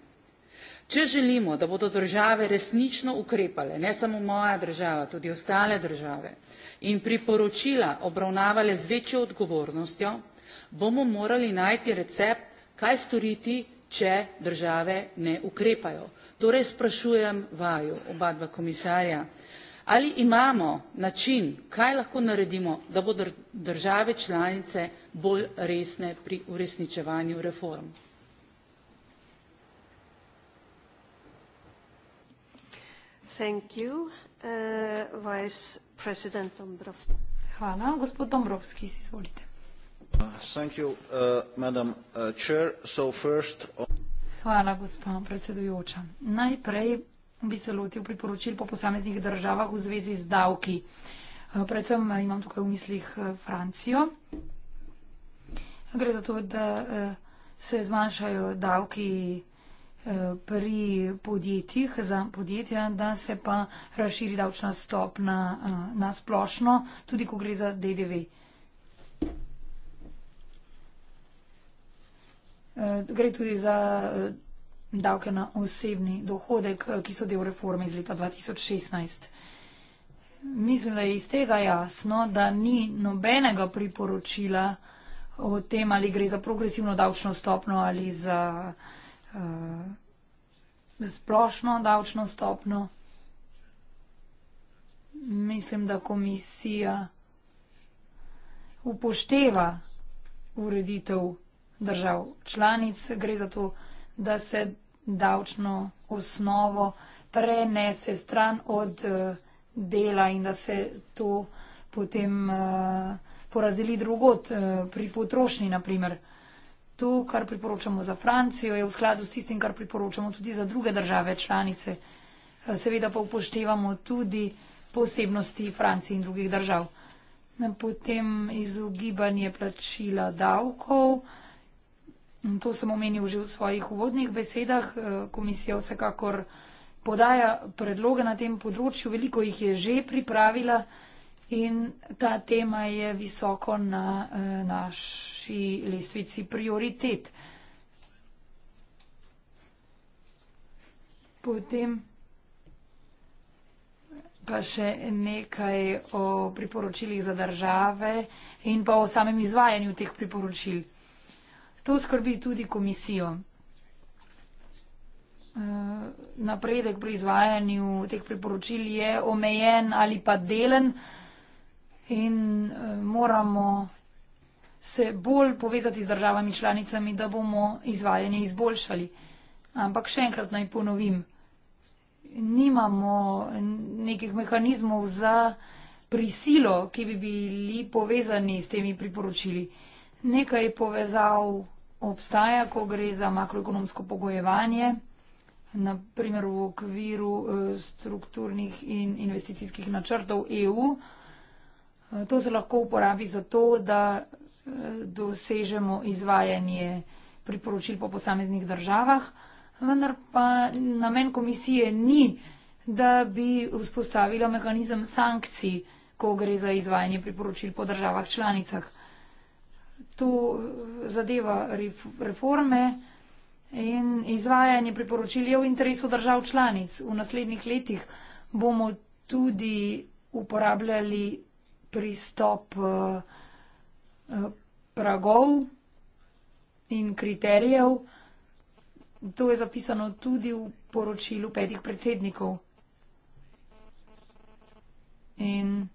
Če želimo, da bodo države resnično ukrepale, ne samo moja država, tudi ostale države, in priporočila obravnavale z večjo odgovornostjo, bomo morali najti recept kaj storiti, če države ne ukrepajo. Torej sprašujem vaju, oba dva komisarja, ali imamo način, kaj lahko naredimo, da bodo države članice bolj resne pri uresničevanju reform. Thank you, uh, Vice President Dombrovski. Hvala, gospod Dombrovski, izvolite. Uh, uh, Hvala, gospa predsedujoča. Najprej bi se lotil priporočil po posameznih državah v zvezi z davki. Uh, predvsem imam tukaj v mislih Francijo. Gre za to, da se zmanjšajo davki pri podjetjih za podjetja, da se pa razširi davčna stopna na splošno, tudi ko gre za DDV. Eh, gre tudi za eh, davke na osebni dohodek, eh, ki so del reforme iz leta 2016. Mislim, da je iz tega jasno, da ni nobenega priporočila o tem, ali gre za progresivno davčno stopno ali za uh, splošno davčno stopno. Mislim, da komisija upošteva ureditev držav članic. Gre za to, da se davčno osnovo prenese stran od eh, dela in da se to potem eh, porazdeli drugot eh, pri potrošnji, naprimer. To, kar priporočamo za Francijo, je v skladu s tistim, kar priporočamo tudi za druge države članice. Seveda pa upoštevamo tudi posebnosti Francije in drugih držav. Potem izogibanje plačila davkov. To sem omenil že v svojih uvodnih besedah. Eh, komisija vsekakor podaja predloge na tem področju, veliko jih je že pripravila in ta tema je visoko na eh, naši lestvici prioritet. Potem pa še nekaj o priporočilih za države in pa o samem izvajanju teh priporočil. To skrbi tudi komisijo. Eh, napredek pri izvajanju teh priporočil je omejen ali pa delen in eh, moramo se bolj povezati z državami članicami, da bomo izvajanje izboljšali. Ampak še enkrat naj ponovim, nimamo nekih mehanizmov za prisilo, ki bi bili povezani s temi priporočili. Nekaj povezav obstaja, ko gre za makroekonomsko pogojevanje, naprimer v okviru eh, strukturnih in investicijskih načrtov EU. Eh, to se lahko uporabi za to, da eh, dosežemo izvajanje priporočil po posameznih državah, vendar pa namen komisije ni, da bi vzpostavila mehanizem sankcij, ko gre za izvajanje priporočil po državah članicah tu zadeva reforme in izvajanje priporočil je v interesu držav članic. V naslednjih letih bomo tudi uporabljali pristop eh, eh, pragov in kriterijev. To je zapisano tudi v poročilu petih predsednikov. In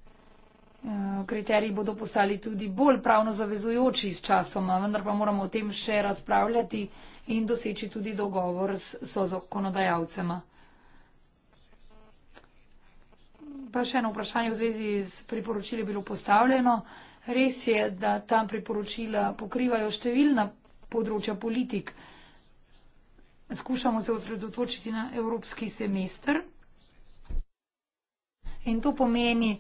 Eh, kriteriji bodo postali tudi bolj pravno zavezujoči s časoma, vendar pa moramo o tem še razpravljati in doseči tudi dogovor s sozakonodajalcema. Pa še eno vprašanje v zvezi z priporočili bilo postavljeno. Res je, da ta priporočila pokrivajo številna področja politik. Skušamo se osredotočiti na evropski semester. In to pomeni,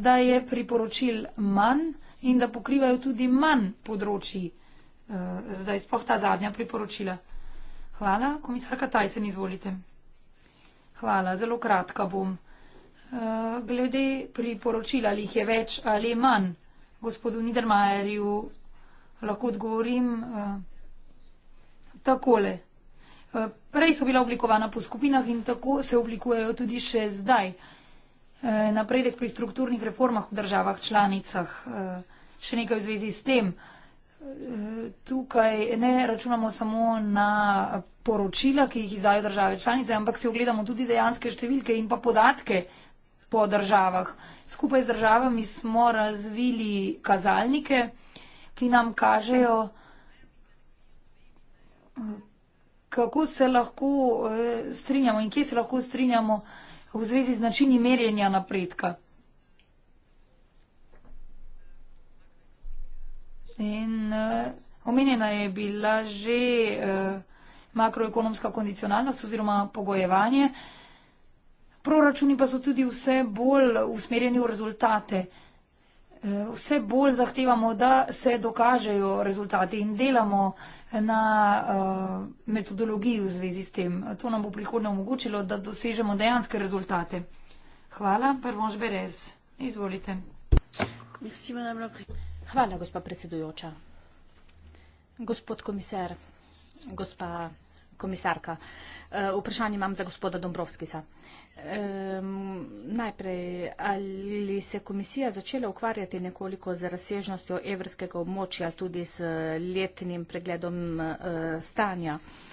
da je priporočil manj in da pokrivajo tudi manj področji, eh, zdaj sploh ta zadnja priporočila. Hvala, komisarka Tajsen, izvolite. Hvala, zelo kratka bom. Eh, glede priporočila, ali jih je več ali manj, gospodu Niedermayerju lahko odgovorim eh, takole. Prej so bila oblikovana po skupinah in tako se oblikujejo tudi še zdaj. Eh, napredek pri strukturnih reformah v državah članicah. Eh, še nekaj v zvezi s tem. Eh, tukaj ne računamo samo na poročila, ki jih izdajo države članice, ampak si ogledamo tudi dejanske številke in pa podatke po državah. Skupaj z državami smo razvili kazalnike, ki nam kažejo, kako se lahko strinjamo in kje se lahko strinjamo v zvezi z načini merjenja napredka. In uh, omenjena je bila že uh, makroekonomska kondicionalnost oziroma pogojevanje. Proračuni pa so tudi vse bolj usmerjeni v rezultate. Uh, vse bolj zahtevamo, da se dokažejo rezultati in delamo uh, na uh, eh, metodologiji v zvezi s tem. To nam bo prihodno omogočilo, da dosežemo dejanske rezultate. Hvala, Prvož Berez. Izvolite. Hvala, gospa predsedujoča. Gospod komisar, gospa komisarka, uh, vprašanje imam za gospoda Dombrovskisa. Uh, Um, najprej, ali se je komisija začela ukvarjati nekoliko z razsežnostjo evrskega območja, tudi s letnim pregledom uh, stanja? Uh,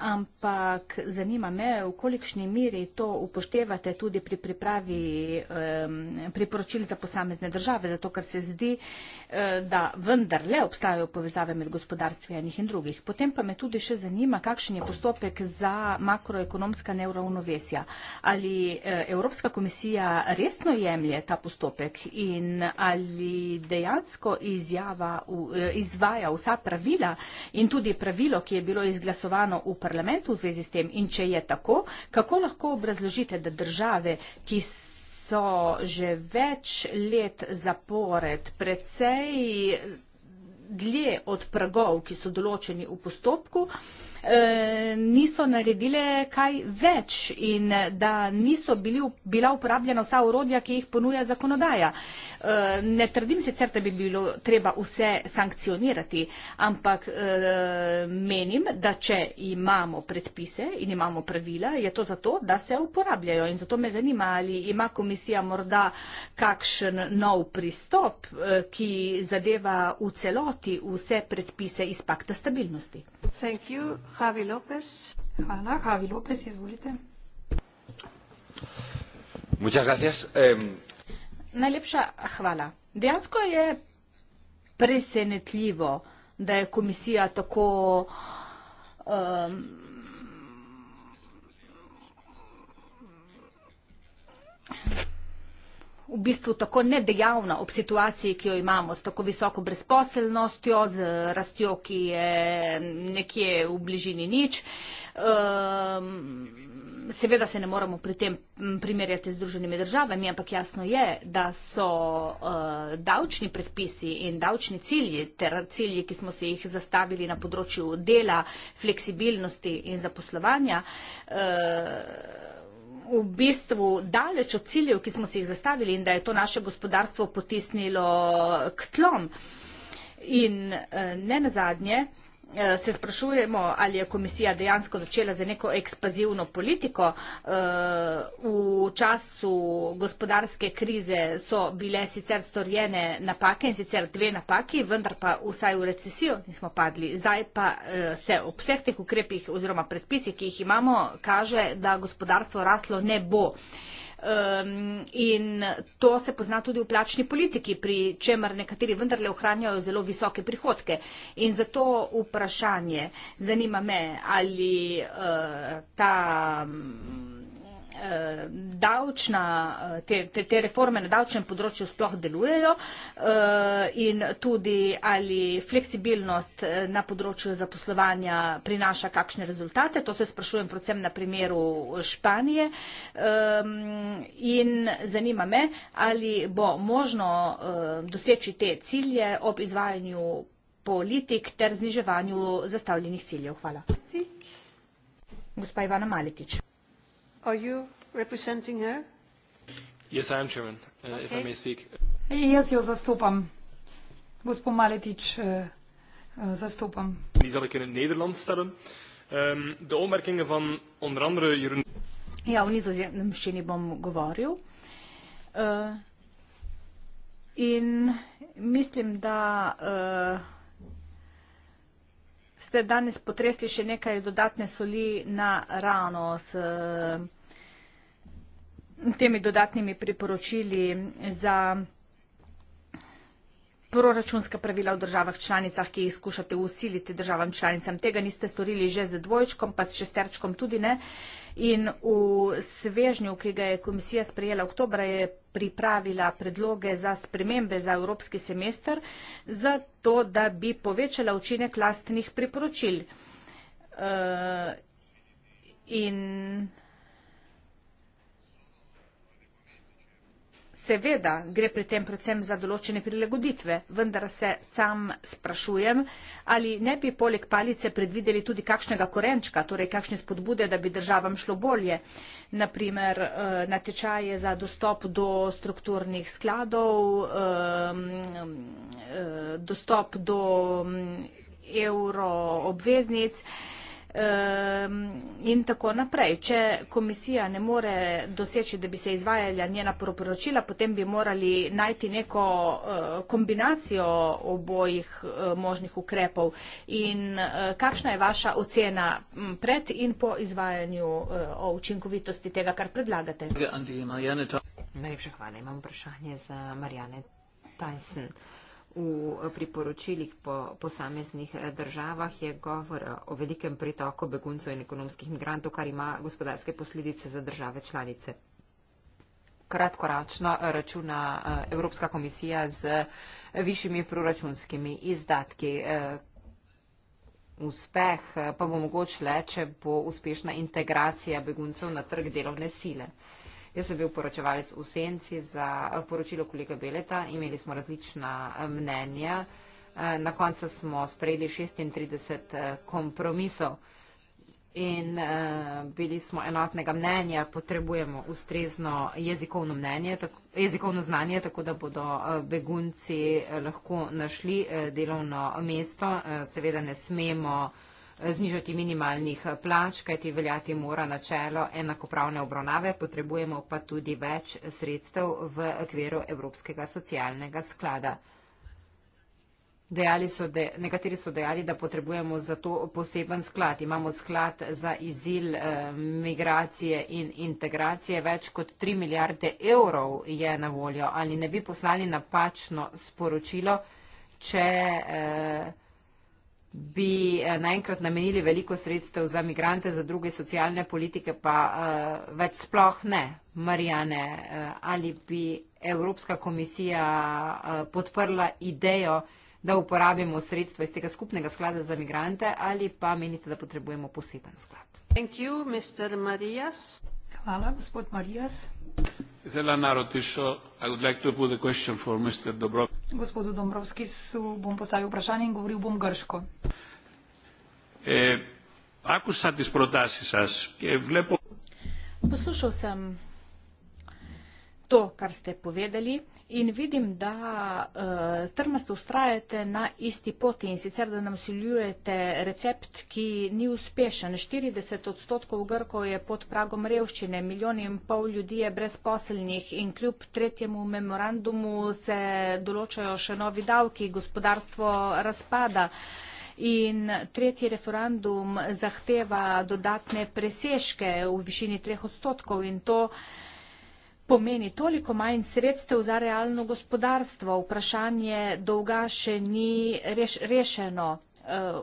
ampak zanima me, v kolikšni miri to upoštevate tudi pri pripravi um, priporočil za posamezne države, zato ker se zdi, eh, da vendar le obstajajo povezave med gospodarstvi enih in drugih. Potem pa me tudi še zanima, kakšen je postopek za makroekonomska neuravnovesja. Ali eh, Evropska komisija resno jemlje ta postopek in ali dejansko izjava, eh, izvaja vsa pravila in tudi pravilo, ki je bilo izglasovano v pravilu, parlamentu v zvezi s tem in če je tako, kako lahko obrazložite, da države, ki so že več let zapored, precej dlje od pragov, ki so določeni v postopku, Eh, niso naredile kaj več in da niso bili, bila uporabljena vsa urodja, ki jih ponuja zakonodaja. Eh, ne trdim sicer, da bi bilo treba vse sankcionirati, ampak eh, menim, da če imamo predpise in imamo pravila, je to zato, da se uporabljajo. In zato me zanima, ali ima komisija morda kakšen nov pristop, ki zadeva v celoti vse predpise iz pakta stabilnosti. Thank you Javi López. Hola, Javi López, izvolite. Muchas gracias. Eh... Najlepša hvala. Dejansko je presenetljivo, da je komisija tako um, Thank you v bistvu tako nedejavna ob situaciji, ki jo imamo, s tako visoko brezposelnostjo, z rastjo, ki je nekje v bližini nič. Ehm, seveda se ne moramo pri tem primerjati z druženimi državami, ampak jasno je, da so eh, davčni predpisi in davčni cilji, ter cilji, ki smo se jih zastavili na področju dela, fleksibilnosti in zaposlovanja, eh, v bistvu daleč od ciljev, ki smo si jih zastavili in da je to naše gospodarstvo potisnilo k tlom. In eh, ne nazadnje, Eh, se sprašujemo, ali je komisija dejansko začela za neko ekspazivno politiko. Eh, v času gospodarske krize so bile sicer storjene napake in sicer dve napaki, vendar pa vsaj v recesijo nismo padli. Zdaj pa eh, se ob vseh teh ukrepih oziroma predpisih, ki jih imamo, kaže, da gospodarstvo raslo ne bo. Um, in to se pozna tudi v plačni politiki, pri čemer nekateri vendarle ohranjajo zelo visoke prihodke. In zato vprašanje zanima me, ali uh, ta. Um, Eh, davčna, eh, te, te, te reforme na davčnem področju sploh delujejo eh, in tudi ali fleksibilnost na področju zaposlovanja prinaša kakšne rezultate. To se sprašujem predvsem na primeru Španije in zanima me, ali bo možno doseči te cilje ob izvajanju politik ter zniževanju zastavljenih ciljev. Hvala. Gospa Ivana Maletič. Are you representing her? Yes, I am chairman, uh, okay. if I may speak. Jaz jo zastopam. Gospod Maletič, uh, uh, zastopam. Die zal ik in het Nederlands stellen. Um, de opmerkingen van onder andere Jeroen... Ja, v nizozemščini bom govoril. Uh, in mislim, da uh, ste danes potresli še nekaj dodatne soli na rano s eh, temi dodatnimi priporočili za proračunska pravila v državah članicah, ki jih skušate usiliti državam članicam. Tega niste storili že z dvojčkom, pa s šesterčkom tudi ne. In v svežnju, ki ga je komisija sprejela oktobra, je pripravila predloge za spremembe za evropski semester, za to, da bi povečala učinek lastnih priporočil. Uh, in Seveda gre pri tem predvsem za določene prilagoditve, vendar se sam sprašujem, ali ne bi poleg palice predvideli tudi kakšnega korenčka, torej kakšne spodbude, da bi državam šlo bolje, naprimer eh, natečaje za dostop do strukturnih skladov, ehm, eh, dostop do mm, evroobveznic um, in tako naprej. Če komisija ne more doseči, da bi se izvajala njena proporočila, potem bi morali najti neko uh, kombinacijo obojih uh, možnih ukrepov. In uh, kakšna je vaša ocena mm, pred in po izvajanju uh, o učinkovitosti tega, kar predlagate? Najlepša hvala. Imam vprašanje za Marjane Tyson. Uh, V priporočilih po posameznih eh, državah je govor eh, o velikem pritoku beguncev in ekonomskih migrantov, kar ima gospodarske posledice za države članice. Kratkoročno eh, računa Evropska komisija z višjimi proračunskimi izdatki. Uspeh pa bo mogoče le, če bo uspešna integracija beguncev na trg delovne sile. Jaz sem bil poročevalec v senci za eh, poročilo kolega Beleta, imeli smo različna eh, mnenja. Eh, na koncu smo sprejeli 36 kompromisov in bili smo enotnega mnenja, potrebujemo ustrezno jezikovno, mnenje, tako, jezikovno znanje, tako da bodo begunci lahko našli delovno mesto. Seveda ne smemo znižati minimalnih plač, kajti veljati mora načelo enakopravne obravnave, potrebujemo pa tudi več sredstev v okviru Evropskega socialnega sklada. Dejali so de, nekateri so dejali, da potrebujemo za to poseben sklad. Imamo sklad za izil eh, migracije in integracije. Več kot 3 milijarde evrov je na voljo. Ali ne bi poslali napačno sporočilo, če. Eh, bi eh, naenkrat namenili veliko sredstev za migrante, za druge socialne politike, pa uh, več sploh ne, Marijane, uh, ali bi Evropska komisija uh, podprla idejo, da uporabimo sredstva iz tega skupnega sklada za migrante, ali pa menite, da potrebujemo poseben sklad. Hvala, gospod Marijas. Ήθελα να ρωτήσω, I would like to put a question for Mr. Dombrovskis. Господу Домбровски, су бом поставил прашање, говорил бом грешко. Άκουσα τις προτάσεις σας και βλέπω... Послушал съм to, kar ste povedali in vidim, da uh, trmasto ustrajate na isti poti in sicer, da nam siljujete recept, ki ni uspešen. 40 odstotkov Grkov je pod pragom revščine, milijon in pol ljudi je brezposelnih in kljub tretjemu memorandumu se določajo še novi davki, gospodarstvo razpada. In tretji referendum zahteva dodatne presežke v višini treh odstotkov in to pomeni toliko manj sredstev za realno gospodarstvo. Vprašanje dolga še ni reš, rešeno. Eh,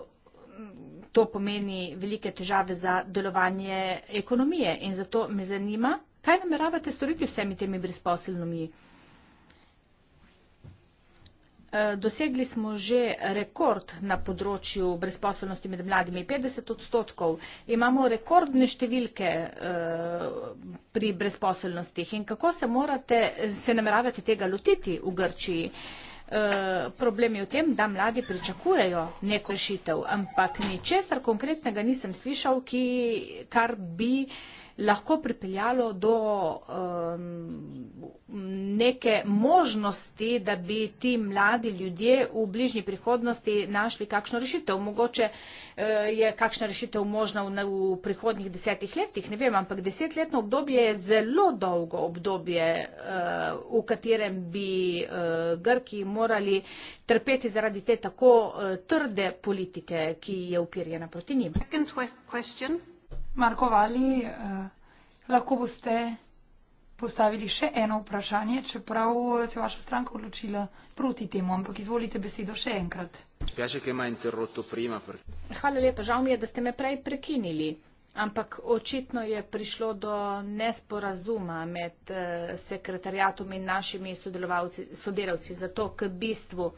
to pomeni velike težave za delovanje ekonomije in zato me zanima, kaj nameravate storiti vsemi temi brezposelnimi? Eh, dosegli smo že rekord na področju brezposobnosti med mladimi 50 odstotkov. Imamo rekordne številke eh, pri brezposobnostih in kako se, morate, se nameravate tega lotiti v Grčiji? Eh, problem je v tem, da mladi pričakujejo neko rešitev, ampak ničesar konkretnega nisem slišal, ki, kar bi lahko pripeljalo do um, neke možnosti, da bi ti mladi ljudje v bližnji prihodnosti našli kakšno rešitev. Mogoče eh, je kakšna rešitev možna v prihodnih desetih letih, ne vem, ampak desetletno obdobje je zelo dolgo obdobje, eh, v katerem bi eh, Grki morali trpeti zaradi te tako trde politike, ki je upirjena proti njim. Second question. Marko Vali, eh, lahko boste postavili še eno vprašanje, čeprav se je vaša stranka odločila proti temu, ampak izvolite besedo še enkrat. Hvala lepa, žal mi je, da ste me prej prekinili, ampak očitno je prišlo do nesporazuma med eh, sekretarjatom in našimi sodelavci, zato k bistvu.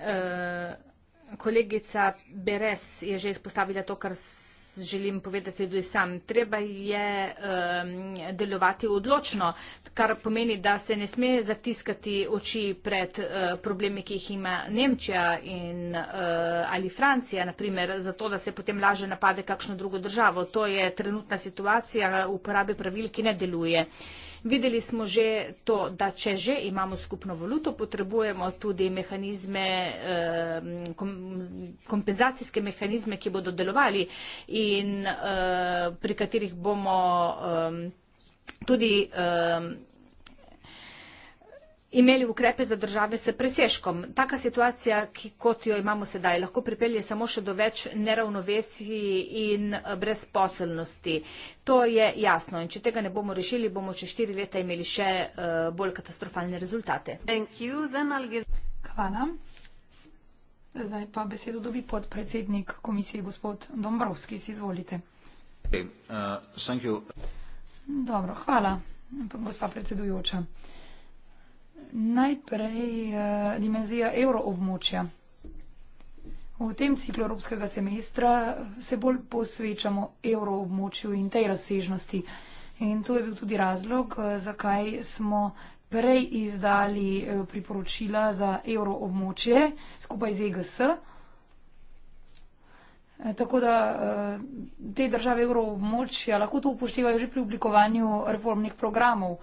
Eh, kolegica Beres je že izpostavila to, kar želim povedati tudi sam. Treba je um, delovati odločno, kar pomeni, da se ne sme zatiskati oči pred uh, problemi, ki jih ima Nemčija in, uh, ali Francija, naprimer, zato da se potem laže napade kakšno drugo državo. To je trenutna situacija uporabe pravil, ki ne deluje. Uh, Videli smo že to, da če že imamo skupno valuto, potrebujemo tudi mehanizme, eh, kompenzacijske mehanizme, ki bodo delovali in eh, pri katerih bomo eh, tudi imeli ukrepe za države s presežkom. Taka situacija, ki kot jo imamo sedaj, lahko pripelje samo še do več neravnovesij in eh, brezposelnosti. To je jasno in če tega ne bomo rešili, bomo čez štiri leta imeli še uh, bolj katastrofalne rezultate. Hvala. Zdaj pa besedo dobi podpredsednik komisije, gospod Dombrovski, si izvolite. Okay, uh, Dobro, hvala, gospa predsedujoča najprej eh, dimenzija evroobmočja. V tem ciklu evropskega semestra se bolj posvečamo evroobmočju in tej razsežnosti. In to je bil tudi razlog, eh, zakaj smo prej izdali eh, priporočila za evroobmočje skupaj z EGS. Tako da te države evroobmočja lahko to upoštevajo že pri oblikovanju reformnih programov.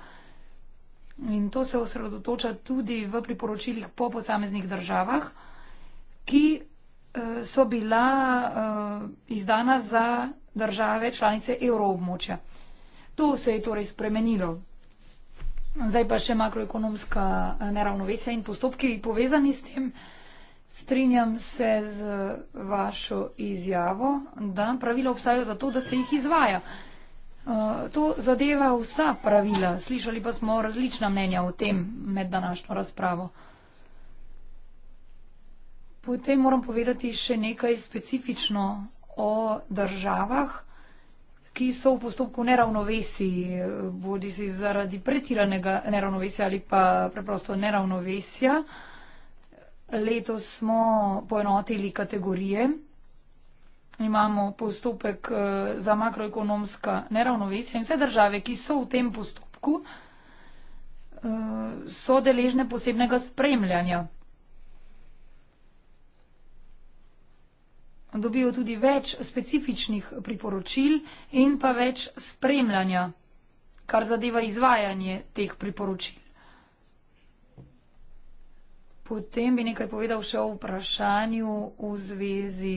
In to se osredotoča tudi v priporočilih po posameznih državah, ki eh, so bila eh, izdana za države članice evroobmočja. To se je torej spremenilo. Zdaj pa še makroekonomska eh, neravnovesja in postopki povezani s tem. Strinjam se z vašo izjavo, da pravila obstajajo zato, da se jih izvaja. Eh, to zadeva vsa pravila. Slišali pa smo različna mnenja o tem med današnjo razpravo. Potem moram povedati še nekaj specifično o državah, ki so v postopku neravnovesi, bodi si zaradi pretiranega neravnovesja ali pa preprosto neravnovesja. Letos smo poenotili kategorije imamo postopek eh, za makroekonomska neravnovesja in vse države, ki so v tem postopku, eh, so deležne posebnega spremljanja. Dobijo tudi več specifičnih priporočil in pa več spremljanja, kar zadeva izvajanje teh priporočil. Potem bi nekaj povedal še o vprašanju v zvezi.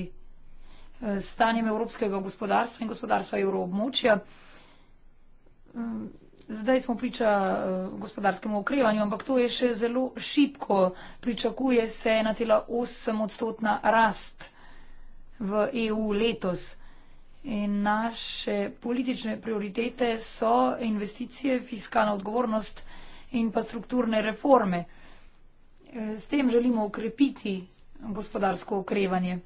Eh, s stanjem evropskega gospodarstva in gospodarstva evroobmočja. Mm, zdaj smo priča eh, gospodarskemu okrevanju, ampak to je še zelo šipko. Pričakuje se 1,8 odstotna rast v EU letos. In naše politične prioritete so investicije, fiskalna odgovornost in pa strukturne reforme. Eh, s tem želimo ukrepiti gospodarsko okrevanje.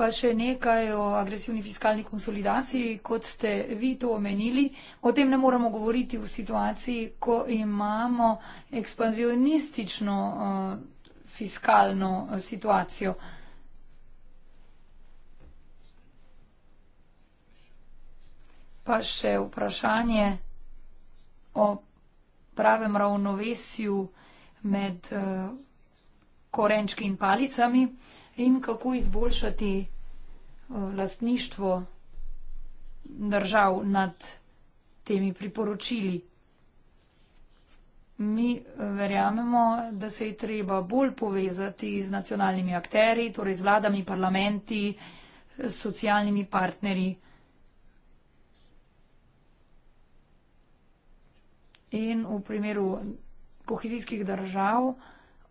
Pa še nekaj o agresivni fiskalni konsolidaciji, kot ste vi to omenili. O tem ne moramo govoriti v situaciji, ko imamo ekspanzionistično uh, fiskalno eh, situacijo. Pa še vprašanje o pravem ravnovesju med uh, korenčki in palicami. Uh, in kako izboljšati eh, lastništvo držav nad temi priporočili. Mi eh, verjamemo, da se je treba bolj povezati z nacionalnimi akteri, torej z vladami, parlamenti, s socialnimi partnerji. In v primeru kohezijskih držav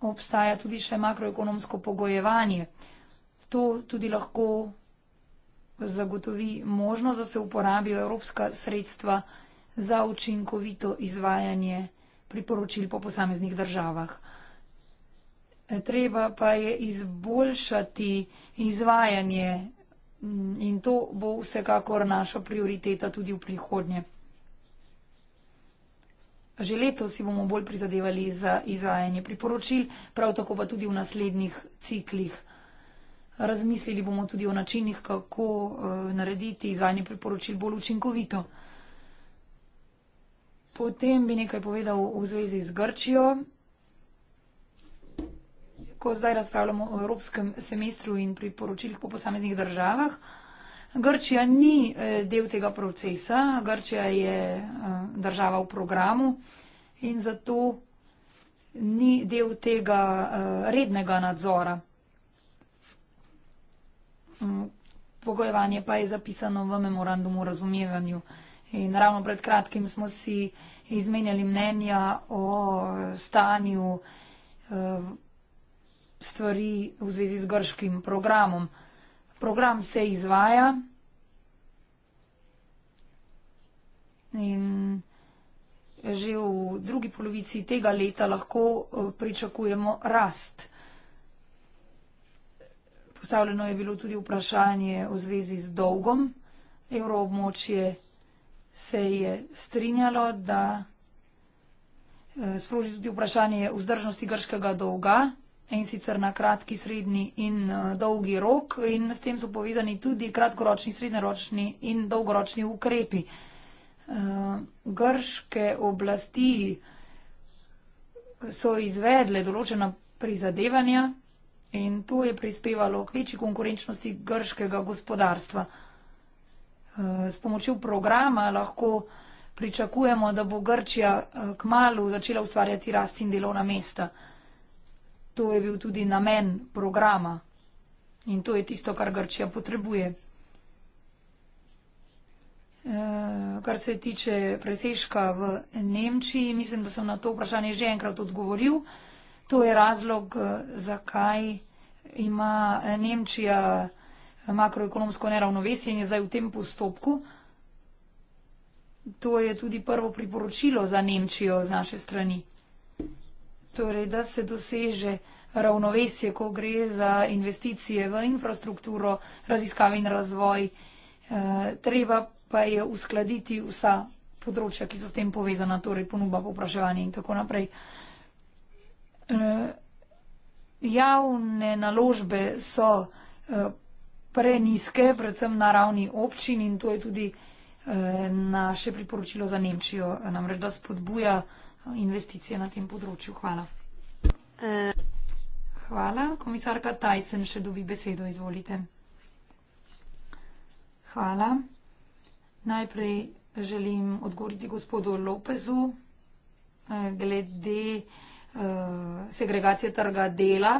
obstaja tudi še makroekonomsko pogojevanje. To tudi lahko zagotovi možnost, da se uporabijo evropska sredstva za učinkovito izvajanje priporočil po posameznih državah. E, treba pa je izboljšati izvajanje mm, in to bo vsekakor naša prioriteta tudi v prihodnje. Že letos si bomo bolj prizadevali za izvajanje priporočil, prav tako pa tudi v naslednjih ciklih. Razmislili bomo tudi o načinih, kako eh, narediti izvajanje priporočil bolj učinkovito. Potem bi nekaj povedal v zvezi z Grčijo. Ko zdaj razpravljamo o evropskem semestru in priporočilih po posameznih državah, Grčija ni eh, del tega procesa, Grčija je eh, država v programu in zato ni del tega eh, rednega nadzora. Mm, pogojevanje pa je zapisano v memorandumu o razumevanju. In ravno pred kratkim smo si izmenjali mnenja o stanju stvari v zvezi z grškim programom program se izvaja in že v drugi polovici tega leta lahko eh, pričakujemo rast. Postavljeno je bilo tudi vprašanje v zvezi z dolgom. Evroobmočje se je strinjalo, da eh, sproži tudi vprašanje vzdržnosti grškega dolga in sicer na kratki, srednji in eh, dolgi rok in s tem so povezani tudi kratkoročni, srednjeročni in dolgoročni ukrepi. Eh, grške oblasti so izvedle določena prizadevanja in to je prispevalo k večji konkurenčnosti grškega gospodarstva. Eh, s pomočjo programa lahko pričakujemo, da bo Grčija k malu začela ustvarjati rast in delovna mesta. To je bil tudi namen programa in to je tisto, kar Grčija potrebuje. Eh, kar se tiče presežka v Nemčiji, mislim, da sem na to vprašanje že enkrat odgovoril. To je razlog, eh, zakaj ima eh, Nemčija makroekonomsko neravnovesje in je zdaj v tem postopku. To je tudi prvo priporočilo za Nemčijo z naše strani. Torej, da se doseže ravnovesje, ko gre za investicije v infrastrukturo, raziskave in razvoj. E, treba pa je uskladiti vsa področja, ki so s tem povezana, torej ponuba, popraševanje in tako naprej. E, javne naložbe so e, preniske, predvsem na ravni občin in to je tudi e, naše priporočilo za Nemčijo, namreč da spodbuja investicije na tem področju. Hvala. E. Hvala. Komisarka Tyson še dobi besedo. Izvolite. Hvala. Najprej želim odgovoriti gospodu Lopezu e, glede e, segregacije trga dela.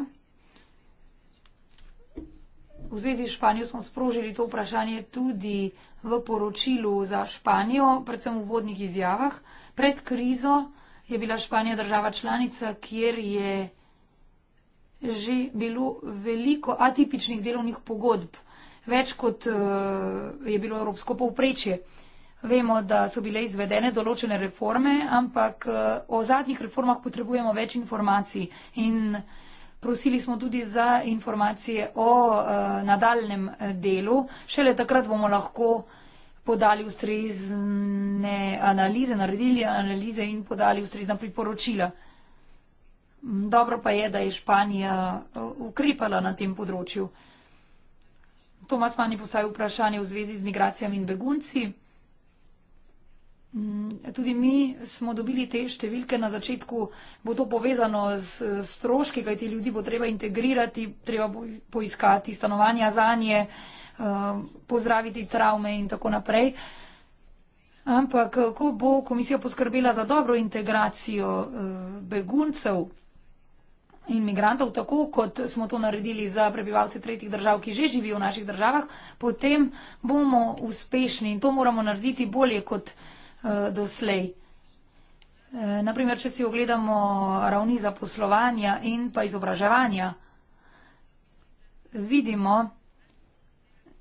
V zvezi s Španijo smo sprožili to vprašanje tudi v poročilu za Španijo, predvsem v vodnih izjavah. Pred krizo je bila Španija država članica, kjer je že bilo veliko atipičnih delovnih pogodb, več kot eh, je bilo evropsko povprečje. Vemo, da so bile izvedene določene reforme, ampak eh, o zadnjih reformah potrebujemo več informacij in prosili smo tudi za informacije o eh, nadaljnem delu. Šele takrat bomo lahko podali ustrezne analize, naredili analize in podali ustrezna priporočila. Dobro pa je, da je Španija eh, ukrepala na tem področju. Tomas Mani postavil vprašanje v zvezi z migracijami in begunci. Mm, tudi mi smo dobili te številke na začetku, bo to povezano s stroški, kaj ti ljudi bo treba integrirati, treba bo poiskati stanovanja za nje. Eh, pozdraviti travme in tako naprej. Ampak, eh, ko bo komisija poskrbela za dobro integracijo eh, beguncev in migrantov, tako kot smo to naredili za prebivalce tretjih držav, ki že živijo v naših državah, potem bomo uspešni in to moramo narediti bolje kot doslej. Naprimer, če si ogledamo ravni zaposlovanja in pa izobraževanja, vidimo, da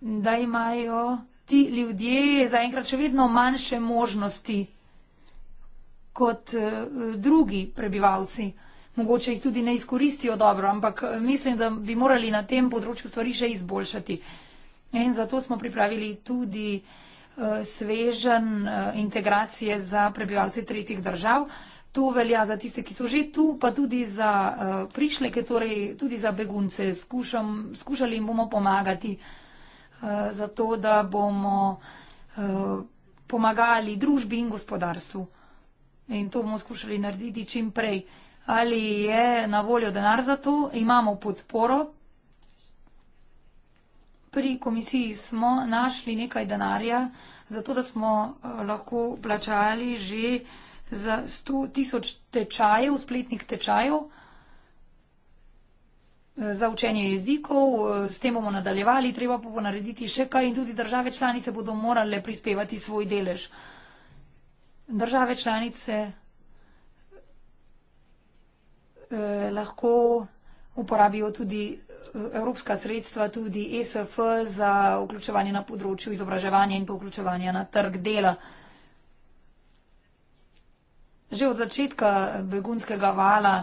da imajo ti ljudje zaenkrat še vedno manjše možnosti kot eh, drugi prebivalci. Mogoče jih tudi ne izkoristijo dobro, ampak eh, mislim, da bi morali na tem področju stvari še izboljšati. In zato smo pripravili tudi eh, svežen integracije za prebivalce tretjih držav. To velja za tiste, ki so že tu, pa tudi za prišleke, torej tudi za begunce. Skušam, skušali jim bomo pomagati. Eh, zato da bomo eh, pomagali družbi in gospodarstvu. In to bomo skušali narediti čim prej. Ali je na voljo denar za to? Imamo podporo. Pri komisiji smo našli nekaj denarja, zato da smo eh, lahko plačali že za 100 tisoč tečajev, spletnih tečajev za učenje jezikov. Eh, s tem bomo nadaljevali, treba pa bo narediti še kaj in tudi države članice bodo morale prispevati svoj delež. Države članice eh, lahko uporabijo tudi eh, evropska sredstva, tudi ESF za vključevanje na področju izobraževanja in pa vključevanja na trg dela. Že od začetka begunskega vala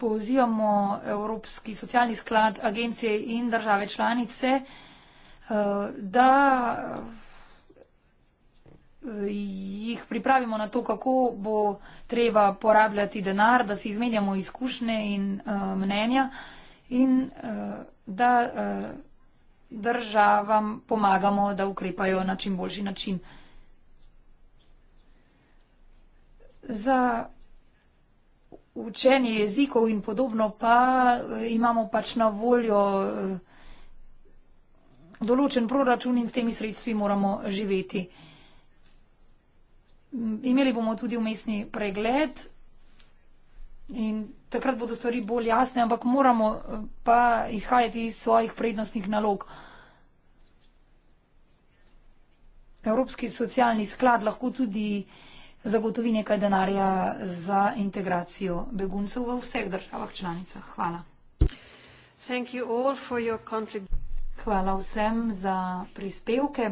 pozivamo Evropski socialni sklad, agencije in države članice, eh, da eh, jih pripravimo na to, kako bo treba porabljati denar, da si izmenjamo izkušnje in eh, mnenja in da državam pomagamo, da ukrepajo na čim boljši način. Za učenje jezikov in podobno, pa eh, imamo pač na voljo eh, določen proračun in s temi sredstvi moramo živeti. Imeli bomo tudi umestni pregled in takrat bodo stvari bolj jasne, ampak moramo eh, pa izhajati iz svojih prednostnih nalog. Evropski socialni sklad lahko tudi zagotovi nekaj denarja za integracijo beguncev v vseh državah članicah. Hvala. Hvala vsem za prispevke.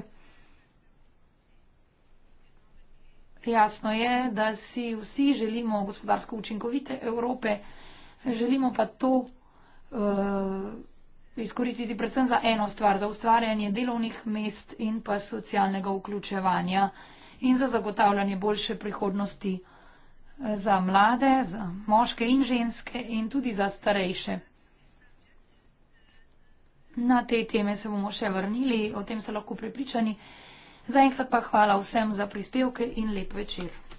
Jasno je, da si vsi želimo gospodarsko učinkovite Evrope, želimo pa to uh, izkoristiti predvsem za eno stvar, za ustvarjanje delovnih mest in pa socialnega vključevanja in za zagotavljanje boljše prihodnosti eh, za mlade, za moške in ženske in tudi za starejše. Na te teme se bomo še vrnili, o tem ste lahko prepričani. Zaenkrat pa hvala vsem za prispevke in lep večer.